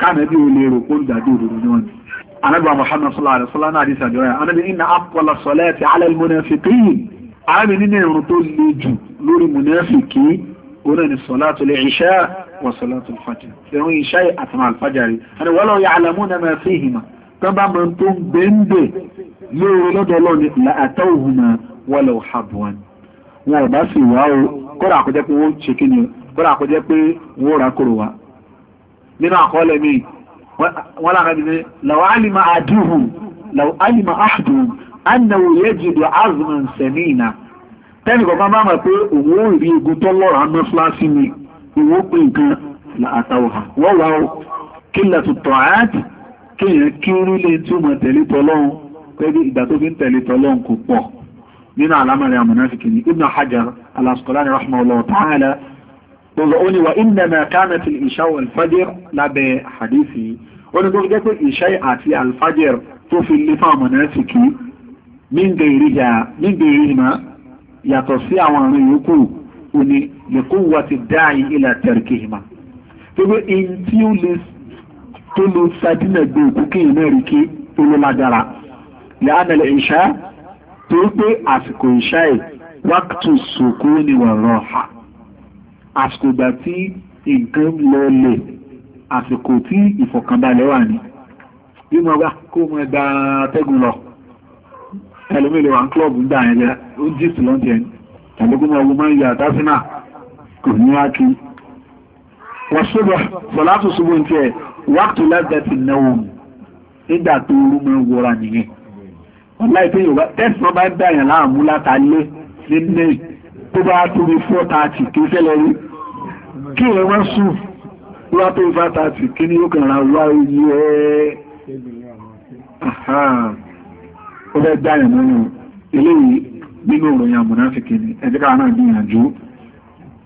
kánàbí olè rò kó ìdàdé òdòdó ni wọ́n ni anábà Muhammad sallallahu alaihi wasallam orí ni sọ́látò lè ìṣá wọ sọ́látò fàjì ẹ̀rùn ìṣá àtàrà alfàjàrí àti wọ́n lọ́wọ́ yàlàmú na máa fi ìhìmà tó bá mọ́ tó ń gbé ń bè lóòrè lọ́dọ̀ lọ́ni látàwùmà wọ́lọ̀ habuwan wọn ò bá sì wá o kọ́ra àkọ́jẹ́ pé wọ́n ṣe kí ni kọ́ra àkọ́jẹ́ pé wọ́n rà kúrò wá nínú àkọọ́lẹ̀ mi wọ́n lára bí lọ́wọ́ alìmọ̀ àdúhùn lọ́wọ́ alìmọ̀ àdúhùn annahu yajidu azman samina tẹ́nì kọ̀ọ̀kan bá mọ̀ pé òun ó rí egun tó lọ́rọ̀ àmọ́ fúláṣí ni ìwó pé nǹkan àtàwọ̀hà wọ́n wá ó kí lẹ́tù tọ̀áàtì kí èèyàn kí ó rílé tí ó mọ̀ tẹ̀lé tọlọ́run pẹ́bí ìgbà tó fi ń tẹ̀lé tọlọ́run kò pọ̀ nínú àlámọ̀rẹ́ àmọ̀náfikì ni Ibn Hajar al-Asqalani rahimahullah ta'ala gbogbo ó ní wa innama yàtọ̀ sí àwọn àrùn yòókù ò ní lẹ́kọ́ wa ti dáàyè ilà tẹ̀ríkì ìmá gbogbo èyí tí ó lè tó lè sadínà gbé òkú kéèyàn náà rí kí ó ló lágbára lẹ́ánàlẹ̀ ìṣá tó pé àsìkò ìṣá ẹ̀ wákàtí sòkó ni wà rọ̀ha àsìkò ìgbà tí nǹkan lọlẹ̀ àsìkò tí ìfọ̀kànbalẹ̀ wà ní bí mo bá kó mo gba atẹ́gùn lọ ẹlòmílò wà klọ́ọ̀bù ń dáyẹn lẹ́ ó jíìsì lọ́ntì ẹni ẹ̀lógún ọgbọ́n máa ń yà dásínà kò ní ákí wọ́n ṣúgbọ́ sọ̀látù ṣúgbọ́ ń tiẹ̀ wákìtù lẹ́gbẹ̀ẹ́tì náà nígbà tó rú mọ́ wọra nìyẹn wọ́n láì pé yorùbá tẹ́sí wọn bá ń dáyẹn ó fẹ́ dáyẹ̀ mọ́nà eléyìí nínú òròyìn àmùnáfikì ni ẹ̀dẹ́ká náà gbìyànjú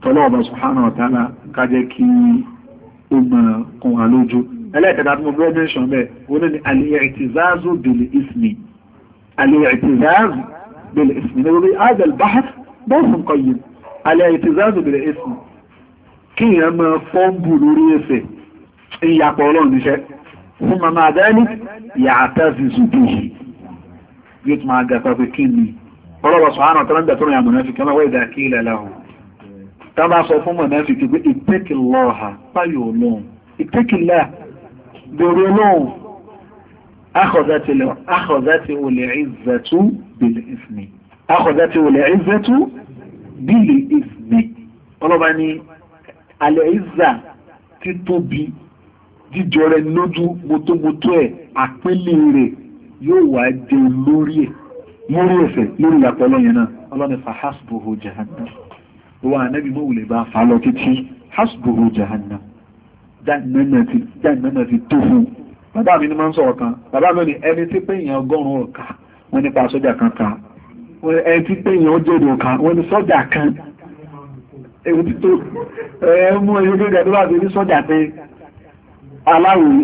tọ́lọ́ọ̀bà subhanahu wa ta'ala ká jẹ́ kí ó gbọ̀n kan wà lójú ẹlẹ́ẹ̀kẹta tí mo bẹ́ẹ̀ mẹ́ṣàn bẹ́ẹ̀ ó ní al-i'tizazu bil-ismi al-i'tizazu bil-ismi ní orí hadha al-bahth bahthun qayyim al kí ìyàpọ̀ ọlọ́run níṣẹ́ fún mamá adáni ya'tazizu bihi yóò tún máa gàfà pé kí ni ọlọ́wọ́ sọ hánà tó ń gbà tó rìn àmọ̀nà fi kẹ́lọ́wọ́ ìdá kí ilẹ̀ láhùn tá bá sọ fún mọ̀nà fi pé ìtẹ́kìlọ́ha báyọ̀ olóhùn ìtẹ́kìlá bèrè olóhùn áhọ̀dátì olè ìzẹ̀tú bìlì ìsìnì áhọ̀dátì olè ìzẹ̀tú bìlì ìsìnì ọlọ́ba ni alẹ́ ìzà títóbi jíjọ rẹ̀ lójú mọ́tòmọ́tò ẹ̀ àpélé rẹ̀ yóò wá dé lórí ẹ̀ lórí ẹ̀fẹ̀ lórí ìyàpọ̀ lẹ́yìn náà ọlọ́ni fa hasbuhu jahannam wa anabi mọ̀wùlẹ̀ bá fa lọ títí hasbuhu jahannam jahannam ti tó fún bàbá mi ni máa ń sọ̀rọ̀ kan bàbá mi ni ẹni tí pé èèyàn ọgọ́rùn-ún ọ̀ka wọ́n nípa sọ́jà kan ka ẹni tí pé èèyàn jẹ́ ọ̀ka wọ́n ní sọ́jà kan ewu títò ẹ̀ẹ́mú ẹ̀yọ́ gẹ́gẹ́ tó bá ti ní sọ́jà pé aláwòrán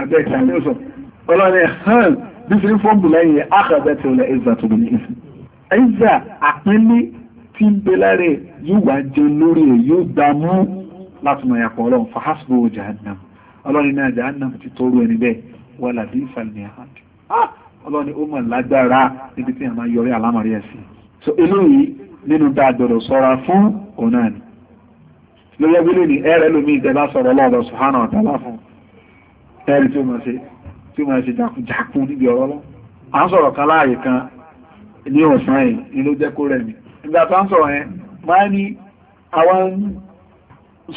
abẹ́ ìsàlẹ̀ ọ̀sán ọlọ́rẹ̀ hàn bí fi fọ́nbù lẹ́yìn àkàbẹ̀ tí ó lẹ́ ẹ̀zà tó bìí ẹ̀sìn ẹ̀zà àpínlẹ̀ tí ń bẹ lára yóò wá jẹ lórí ẹ̀ yóò gbà mú láti mọ̀ yàpọ̀ ọlọ́run fàhásùbò jahannam ọlọ́run náà jahannam ti tọrọ ẹni bẹ́ẹ̀ wà láti ìfàlẹ̀ àhàdì ọlọ́run ó mọ̀ so eléyìí nínú tá a gbọdọ̀ sọ́ra fún òun náà ni lórí ẹgbẹ́ lónìí ẹ̀rẹ́ lómi ìjẹba sọ̀rọ̀ ọlọ́run subhanahu wa fún ẹ̀rí tí ó mọ̀ sí tí ó máa ṣe jákùn níbi ọ̀rọ̀ lọ à ń sọ̀rọ̀ kan láàyè kan ní ọ̀sán yìí ni ló jẹ́ kó rẹ̀ mí nígbà tó ń sọ̀rọ̀ yẹn máa ní àwa ń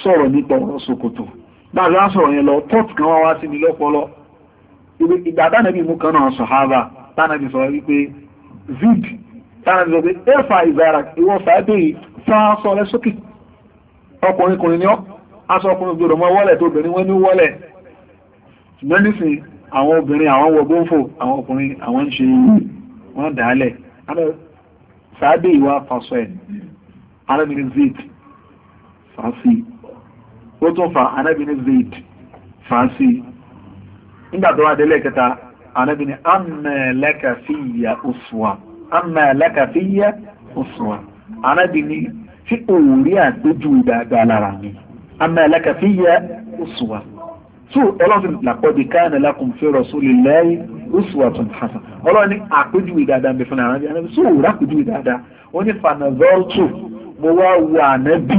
sọ̀rọ̀ nípa ọ̀rọ̀ ṣòkòtò gbàgbé wá sọ̀rọ̀ yẹn lọ tọ́ọ̀tù kan wá wá sí mi lọ́pọlọ ìgbà tánàbí mú kan náà sọ̀hábà tánàbí sọ̀rọ̀ wípé vid tánàbí sọ pé ẹ̀fà ìzára ìwọ̀n fàábẹ̀ sáà sọ rẹ sókè ọkùnrin kùnrin ni ọ́ aṣọ ọkùnrin gbọdọ̀ mọ́ wọ́lẹ̀ tó obìnrin àwọn obìnrin àwọn wọ gbóǹfò àwọn ọkùnrin àwọn ń ṣe wọ́n dàálẹ̀ sáábì ìwà fàṣọ ẹ̀ arábìnrin zid fàṣì ó tún fa arábìnrin zid fàṣì nígbà tó kẹta arábìnrin amẹ́lẹ́kàfíyà òṣùwà amẹ́lẹ́kàfíyà òṣùwà arábìnrin tí òórí àgbójú lára mi òṣùwà. tó ọlọ́run làpọ̀dé káàdà lakum fi rasulillahi uswatun hasan ọlọ́run ní àpéjúwe dáadáa ń bẹ fún àrẹ́bí àrẹ́bí tó wùrà àpéjúwe dáadáa ó ní fanazọ́ọ̀tù mo wá wo ànábì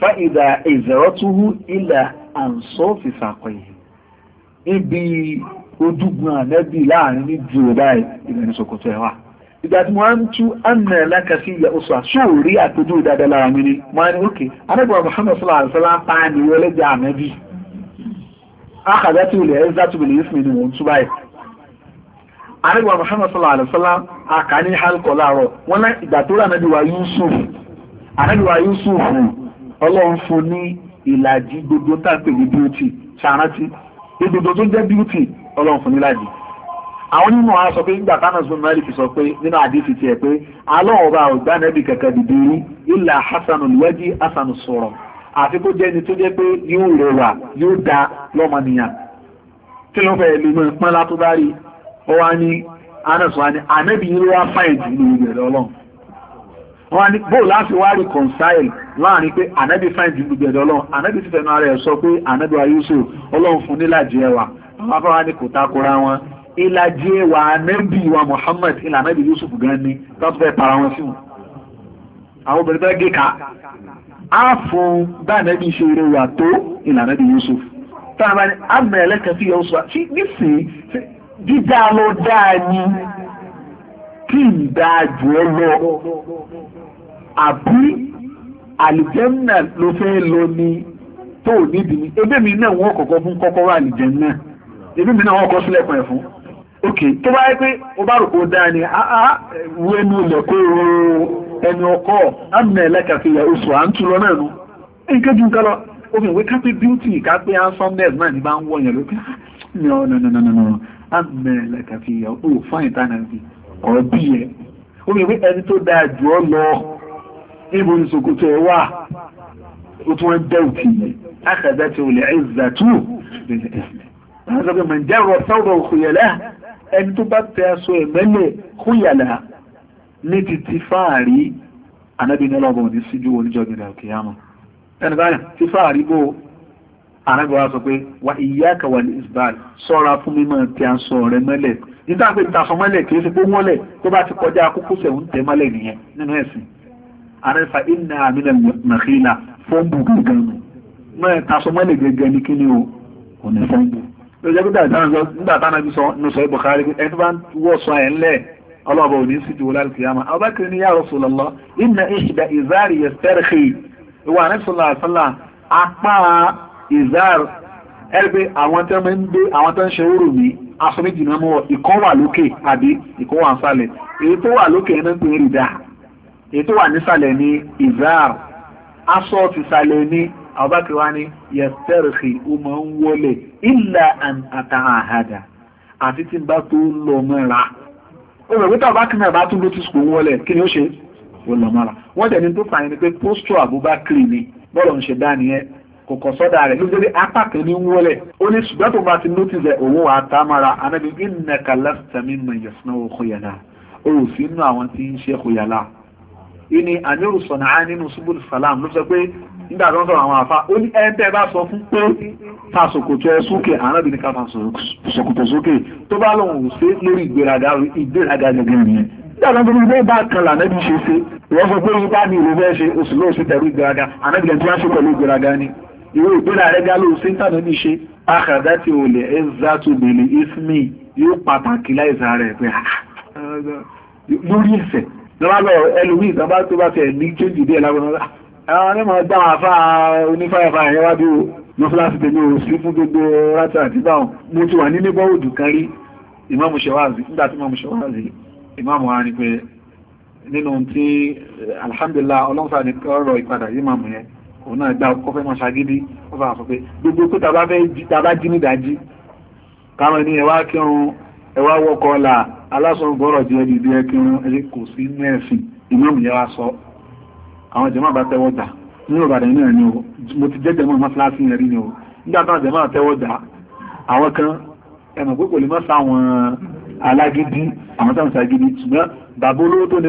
fa ìdà ìzẹ̀rọ̀túhù ìlà ànsọ́ọ̀fì sàkọ̀yì níbi ojúgun ànábì láàrin ní ju ọ̀dà ìbẹ̀rẹ̀ sọ̀kọ̀tọ̀ ẹ̀ wà ìgbàtí wọ́n ń tú ánà lákàtí ìyà oṣù àṣòrí àpéjúwe dáadáa lára mi ni wọ́n á ní akàdá tí olè ẹ̀zá tó bèèrè ìsìn ìdìbò tó báyìí àríwá Muhammad sallallahu alaihi wasallam àkà ní halkọ láàárọ̀ wọn ná ìgbà tó rà nàbíwá Yusuf ànábíwá Yusuf ọlọ́run fún ní ìlàjì gbogbo tá à ń pè ní beauty ṣàrántí gbogbo tó jẹ́ beauty ọlọ́run fún nílàjì àwọn onímọ̀ á sọ pé nígbà táwọn ọ̀sán Malik sọ pé nínú àdìsí tiẹ̀ pé alọ́ ọba ọ̀gbá nẹ́bì kẹ̀kẹ́ dìde rí ilà hasanul waji hasanus sura àti kó jẹ́ ni tó jẹ́ pé yóò rẹwà yóò dá lọ́mọnìyàn tí ló fẹ́ lè mọ́ pọ́nlá tó bá rí ó wá ní anẹ́sùn wá ní anẹ́bí yìí ló wá fáìn jù ní ìbẹ̀rẹ̀ ọlọ́run wọ́n ní bóò láti wá reconcile láàrin pé anẹ́bí fáìn jù ní ìbẹ̀rẹ̀ ọlọ́run wa Yusuf wa Muhammad ìlà anẹ́bí Yusuf gan ni tó fẹ́ para afọ fún bá ànábì ṣe tó ìlànà Yusuf tá a bá ní Yusuf tí nísìnyí dídá ló kí jù ẹ lọ àbí àlìjẹ́nà ló fẹ́ lọ ni tó nídìí ni ebí mi náà wọ́n fún kọ́kọ́rọ́ àlìjẹ́nà ebí mi náà wọ́n kọ́ sílẹ̀ pẹ̀ fún ok tó bá yẹ pé o bá ẹni ọkọ àmì ẹlẹ́kà fi yàwó sọ à ń tún lọ náà nu ẹni kẹjú nǹkan lọ obìnrin ìwé kápẹ́ bíútì kápẹ́ handsomeness náà ní bá ń wọ̀ yẹn lókè ah, no no no no no no àmì ẹlẹ́kà fi yàwó ó fáyìn tánà bí ọ̀ bí yẹ obìnrin ìwé ẹni tó dáa jù ọ lọ níbo ni ṣòkòtò ẹ wà ó tún wọn bẹ́ẹ̀ tì yẹ àkàdá ti wòlé ẹ̀ zàtú bẹ́ẹ̀ ẹ̀ láti sọ pé mọ̀ ń jẹ́ ní ti ti fáàrí ní síjú oníjọ́gbìn àkìyàmù ẹni báyìí ti fáàrí bó anábì sọ pé wa iyyaka wal isbal sọ́ra fún mímọ́ tí a ń sọ rẹ mẹ́lẹ̀ nígbà pé ta sọ mọ́lẹ̀ ṣe pé tó bá ti kọjá kókó sẹ̀hún tẹ̀ mọ́lẹ̀ nìyẹn nínú ẹ̀sìn àrẹ́fà iná àmìnà nàkìlà fọ́ǹbù gẹ̀gẹ̀ nù mẹ́ẹ̀ ta sọ gẹ̀gẹ̀ ní kíni o kò ní fọ́ǹbù. nígbà sọ sọ ibùkárí ẹni bá wọ́ sọ ẹ̀ ńlẹ̀ ọlọ́ọ̀bọ̀ òní sí ju wọlé kìyàmà abubakar ní ya Rasulullah inna ihda izari yastarkhi ìwà àníṣọ́lá àṣọ́lá apá izar ẹgbẹ́ àwọn tó ń gbé àwọn tó ń ṣe wúrò ní aṣọ méjì náà mọ́ ìkan wà lókè àbí ìkan wà nísàlẹ̀ èyí tó wà lókè náà ń pè é rìdá èyí tó wà nísàlẹ̀ ní izar aṣọ tìsàlẹ̀ ní abubakar wa ní yastarkhi ó máa ń wọlé illa àtàhàdà àti tí ń bá tó lọ mọ́ra olùgbétà bákìnà bá tún lótú sùkò wọlẹ̀ kí ni ó ṣe olùmọ́ra wọ́n tẹ̀ ní tó fàyín ni pé posture Abubakar ni bọ́ọ̀lù ń ṣe dá nìyẹn kò kọ̀ sọ́dà rẹ̀ ló dédé apá kan ní wọlé ó ní ṣùgbọ́n tó bá ti notice ẹ̀ òun wàá tá mara anábì innaka lasta mimman yasna'u khuyala ó sì nú àwọn tí ń ṣe khuyala ìní àmírù sọ̀nàá nínú subúlù salam ló sọ pé nígbà tó ń sọ̀rọ̀ àwọn àfa ó ní ẹ̀ẹ́dẹ́ bá sọ fún pé ta sòkòtò ẹ sókè arábìnrin ká fa sòkòtò sókè tó bá lòun ò sí lórí ìgbéraga ìgbéraga gẹ́gẹ́ nìyẹn nígbà tó ń sọ pé bá kan lànàbí ṣe ṣe ìwọ́n sọ pé ibà ní ìlú fẹ́ ṣe oṣù lóòṣù tẹ̀lú ìgbéraga anábìnrin tí wọ́n ṣe pẹ̀lú ìgbéraga ni ìwé ìgbéra rẹ̀ gá lóòṣù tàbí ní ṣe àkàdá ti olè ẹ̀ zátúbìlì ismi yóò pàtàkì láìsà rẹ̀ pé ah, ah, ah, lórí ẹ̀sẹ̀ lọ́wọ́ ẹlùmí ìtàbá tó bá fẹ́ ní tó jìdí ẹ̀lágbọ́n àwọn onímọ̀ dá àfá onífàyàfà ẹ̀yẹ́ wá bí o mọ́sálásí tèmi ò sí fún gbogbo ráta àti báwọn mo ti wà ní ní bọ́ọ̀dù kan rí ìmáàmù ni pé alhamdulillah ọlọ́nsà ni ọ̀rọ̀ ìpadà ìmáàmù yẹn òun náà gbá kọfẹ́ máa ṣagídí ó fà sọ pé gbogbo pé tàbá jí ẹwà wọ́kọ́ ọ̀la alásọ̀gbọ́rọ̀ jẹ́ ibi ẹkùnrin ẹ̀rí kò sí mẹ́ẹ̀sìn ìmọ̀mù yẹn wá sọ àwọn jẹ́mọ́ bá tẹ́wọ́ dà ní Ìbàdàn náà ni o mo ti jẹ́jẹ́ mọ́ mọ́sálásí yẹn rí ni o nígbà táwọn jẹ́mọ́ tẹ́wọ́ dà àwọn kan ẹ̀mọ̀ pé kò lè mọ́ sáwọn alágídí àwọn táwọn ṣàgídí ṣùgbọ́n bàbá olówó tó ní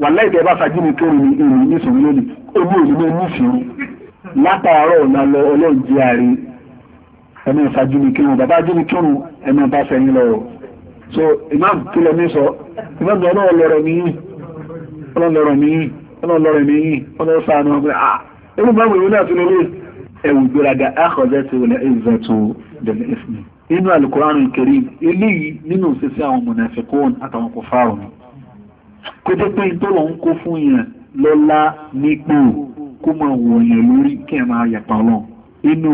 wàlẹ́ ìtẹ́ bá fajú ní kéwì ní ìrìn nísòrí lónìí omi ò ní mọ́ ní ìṣòro látàárọ̀ ọ̀nà lọ ọlọ́ọ̀jì ààrẹ ẹ̀mí ìfajú ní kéwì bàbá ajú ní kéwì ẹ̀mí ọba sẹ́yìn lọ so imam kí lọ sọ imam ọlọ́ọ̀lọ́rọ̀ ní yìí ọlọ́ọ̀lọ́rọ̀ ní yìí ọlọ́ọ̀lọ́rọ̀ ní yìí ọlọ́ọ̀sánú ọgbẹ́ ah ewu máa wòye náà tún lélẹ̀ ẹ̀wù gbéraga àkọ́jẹ́ ti wọlé ẹ̀zẹ̀ tó dẹ̀lẹ̀ ẹ̀sìn nínú alukóránù kẹrin eléyìí nínú òṣìṣẹ́ àwọn mọ̀nàfẹ́kọ́ọ̀n kó jẹ́ pé tó lọ ń kó fún yẹn lọ́lá nípò kó mọ̀ wò yẹn lórí kí ẹ máa yẹ̀pà ọlọ́run inú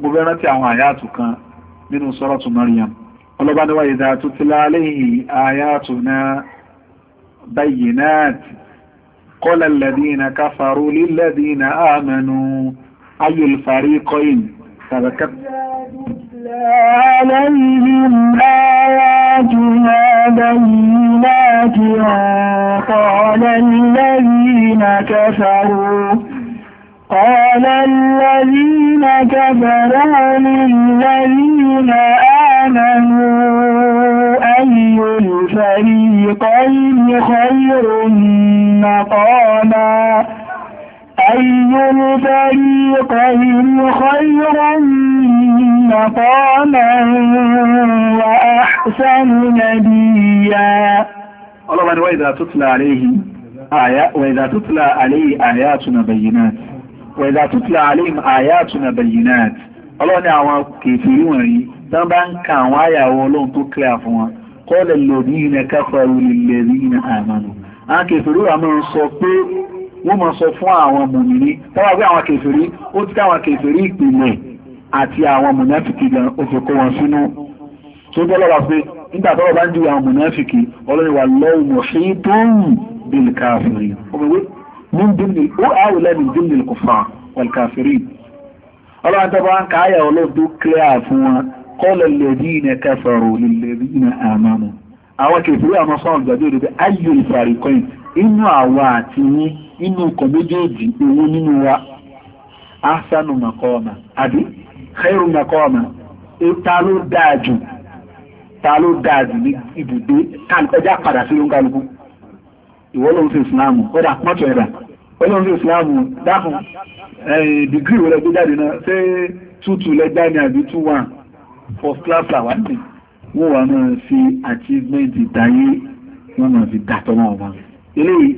mo fẹ́ rántí àwọn àyàtù kan nínú suratu Maryam ọlọ́ba ni wáyé tó ti láàlẹ́yìn àyàtù náà bayyinat قال الذين آياتنا بينات قال الذين كفروا قال الذين كفروا للذين آمنوا أي الفريقين خير مقاما أي الفريقين خير مقاما وأحسن نبيا الله وإذا تتلى عليه آيات وإذا تتلى عليه آياتنا بينات وإذا تتلى عليهم آياتنا بينات الله ni àwọn kèfèrí wọ̀nyí tán bá ń ka àwọn àyàwó ọlọ́run tó kílẹ̀ fún wọn kọ́lẹ̀ lòdìínà káfàrú lèdìínà àmànù àwọn kèfèrí wà máa ń sọ pé wọ́n máa sọ fún àwọn mùmìnì tọ́wọ́ pé àwọn kèfèrí ó ti káwọn kèfèrí ìpìlẹ̀ àti àwọn mùnáfìkì gan ó fi kó wọn sínú tó gbọ́lọ́wà pé nígbà tọ́rọ bá ń jíwà àwọn mùnáfìkì ọlọ́rin wà lọ́wọ́ muhitun bil kafirin ọmọwé ó àwùlẹ̀ ní dínlẹ̀ kufar wal kafirin ọlọ́run tó bá ń ka àyà ọlọ́dún clear fún wọn qala alladhina kafaru lilladhina amanu àwọn kèfèrí àwọn sọ́ọ̀n gbàdúrà rẹ̀ ayé ìfàríkọ́yìn inú àti yín inú kọ̀ méjèèjì owó nínú wa ahsanu maqama àbí khairu maqama ta ló dáa jù ta ló dáa jù ní ibùdó ọjà padà sí lóńgá lóko ìwọ ló ń fi ìsìláàmù ọdà mọ́tò ẹ̀dà ó ló ń fi ìsìláàmù dákun dìgírì wọlé gbé jáde náà ṣé tútù lẹ́gbá ni àbí two one first class àwa ní wọ́n wà máa fi achievement ìdáyé wọ́n máa fi dàtọ́ wọn ọba eléyìí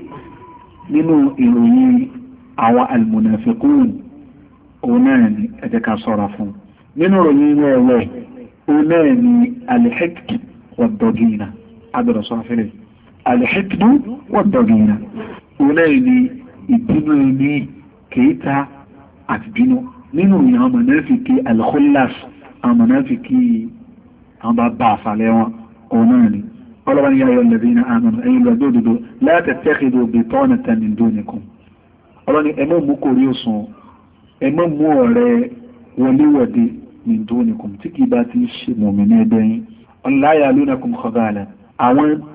nínú ìròyìn àwọn almunafiqun òun náà ni ẹ jẹ́ ká sọ́ra fún nínú ìròyìn inú ẹ̀wẹ̀ òun náà ni alihekki wàdọ̀gìnà agbọ̀dọ̀ sọ́ra fẹ́lẹ̀ alihekki wàdọ̀gìnà òun náà ni ìbínú ní kèéta àti bínú nínú ìròyìn àwọn mọ̀nẹ́fìkì alihullas àwọn mọ̀nẹ́fìkì àwọn bá náà ni ọlọ́wọ́n yá ẹ má mú ọ̀rẹ́ wọléwọ̀de min dunikum tí kì í bá ti ṣe mọ̀mìnà ẹgbẹ́ yín la yalunakum khabala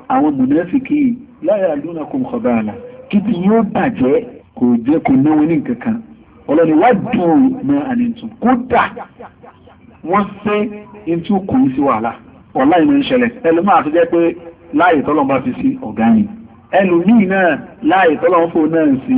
àwọn mùnáfíkì la yalunakum khabala kí ti yóò bàjẹ́ kò jẹ́ kò náwó ní nǹkan kan ọlọ́ni wá dùn ní àníntún kódà wọ́n sẹ́ ntí kò ní sí wàhálà ọ̀la ìmọ̀ ìṣẹ̀lẹ̀ ẹlòmíà tó jẹ́ pé láàyè tọ́lọ́ bá fi sí ọ̀gá yìí ẹlòmíì náà tọ́lọ́ fò náà sí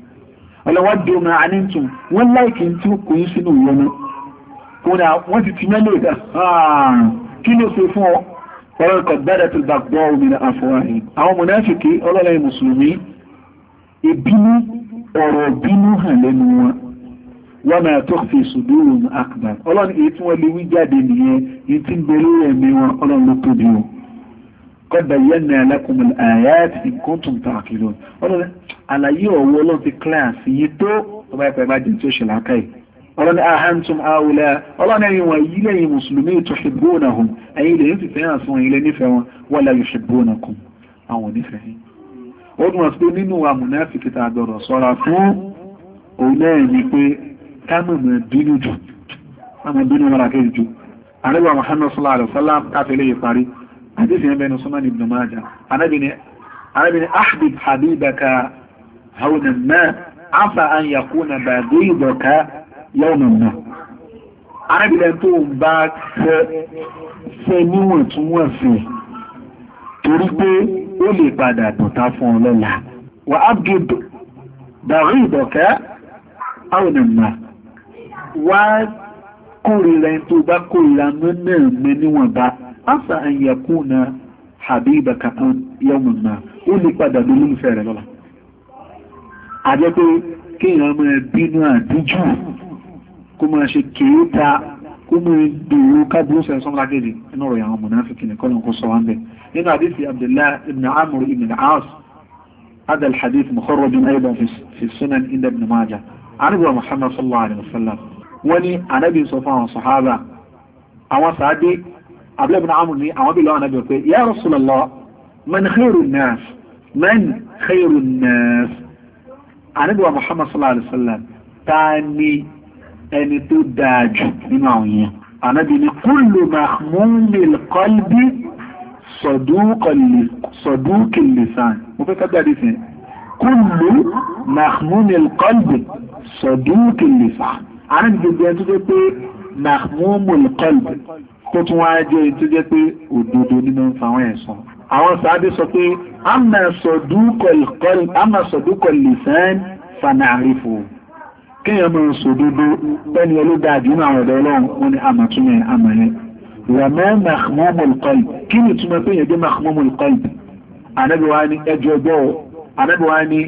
ọlọ́wọ́dé ọmọ anìtùn wọ́n láìkì tí ó kò yí sínú ìwọ́n náà kódà wọ́n ti ti mẹ́lẹ̀ ìdá ah, kí ló ṣe fún ọ ọ̀rọ̀ ikọ̀ dáadáa tó bá gbọ́ òmìnira àfọwáhìn àwọn mùnáfìkì ọlọ́lẹ̀ mùsùlùmí ìbínú ọ̀rọ̀ bínú àlàyé ọ̀wọ́ ọlọ́run ti kíláàsì yìí tó ọba ẹ̀pẹ̀ bá jẹ́ tí ó ṣe làákàyè ọlọ́ni ahantum awula ọlọ́ni ẹ̀yin wọ̀n yí lẹ́yìn mùsùlùmí tó ṣègbónà hùn ẹ̀yin lè fi fẹ́ràn fún ilé nífẹ̀ẹ́ wọn wọ́n láyò ṣègbónà kùn àwọn onífẹ̀ẹ́ yìí ó dùn ọ̀sẹ̀ nínú amúnáfíkì tá a gbọ́dọ̀ sọ́ra fún òun náà ni pé kámọ̀mọ̀ bínú jù kámọ̀ bínú mara kéjì هونا ما عفى أن يكون بغيضك يوما ما arábìnrin tó ń bá fẹ́ níwọ̀n tún wọ́n fi torí pé ó lè padà dọ̀ta fún ọ lọ́la wà á bí dàrí ìdọ̀kẹ́ àwọn ọ̀nà wá kórìíra ẹni tó bá kórìíra náà mẹ́ níwọ̀nba áfà àyẹ̀kú na àbí ìbàkà yọmùnà ó lè padà lólùfẹ́ rẹ̀ lọ́la àjẹ́ pé kéèyàn ẹbí ní àdíjù kó máa ṣe kéèta kó máa gbèrú kábíyó sẹ́yìn inú ọ̀rọ̀ àwọn mọ̀náfikì ní kọ́nà kó sọ wá bẹ̀ nínú àdífì Abdullah ibn Amr ibn al-As هذا àníbíwá Muhammad sallallahu alayhi wa sallam ta ni ẹni tó dáa jù nínú àwọn èèyàn ànábì ni kullu mahmumil qalbi saduqil lisan mo fẹ́ kágbàdì sí kullu mahmumil qalbi saduqil lisan ànábì gbogbo ẹni tó jẹ́ pé mahmumil qalbi tó tún wá jẹ́ tó jẹ́ pé òdodo nínú fàwọn ẹ̀sán àwọn sàábé sọ pé àmà sọ̀dúkọ̀ lìsán fanàrífò kíyàn mọ̀ sòdodo pẹ́ni olóda jùlọ àwọn ọ̀dọ̀ ọlọ́run wọn ni àmàtúnmẹ̀ àmàyẹn wàmọ́ mahmumul qalb kí ni túnmọ̀ pé yẹn dé mahmumul qalb anábíwá ni ẹjọ́ ọgbọ́ anábíwá ni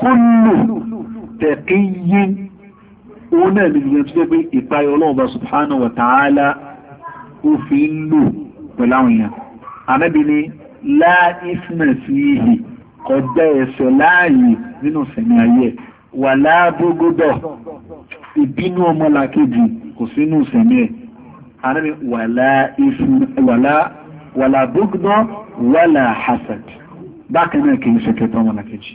kúlù tẹ̀kíyí òun náà ni ìyẹn tó jẹ́ pé ìpayọ ọlọ́run bá láìfìmẹ̀ sí ìhì kọjá ẹ̀ṣẹ̀ láàyè nínú sẹ̀mí ayé wà láàbógódọ̀ ìbínú ọmọlàkejì kò sínú sẹ̀mí ẹ̀ àrẹ́bí wà láàbógódọ̀ wà láàhásàd bákan náà kìí ṣe kẹta ọmọlàkejì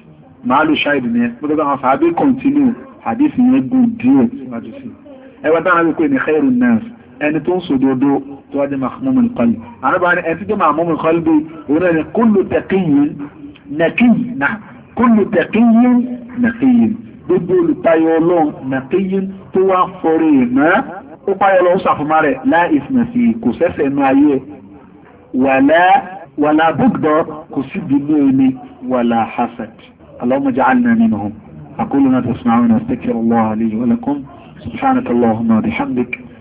màálù ṣáìdì ni ẹ gbọ́dọ̀ àwọn fàábí kọ̀ntínú àdísì yẹn gùn díẹ̀ síwájú sí ẹwà táwọn ẹgbẹ́ pé ní khairun nas ẹni tó ń sòdodo tó wájú mahmum al-qalbi àrùbá ni ẹni tó jẹ́ mahmum al-qalbi òun náà ni kullu taqiyyin nàkíyìn náà kullu taqiyyin nàkíyìn gbogbo olùtayọ ọlọ́run nàkíyìn tó wá fọrọ ìmọ̀ ó páyọ lọ sàfùmá rẹ̀ láìsìnà sí kò sẹ́sẹ̀ nú ayé wàlá wàlá búgdọ̀ kò sí bínú ẹni wàlá hasad اللهم اجعلنا منهم أقول ما تسمعون أستغفر الله لي ولكم سبحانك اللهم وبحمدك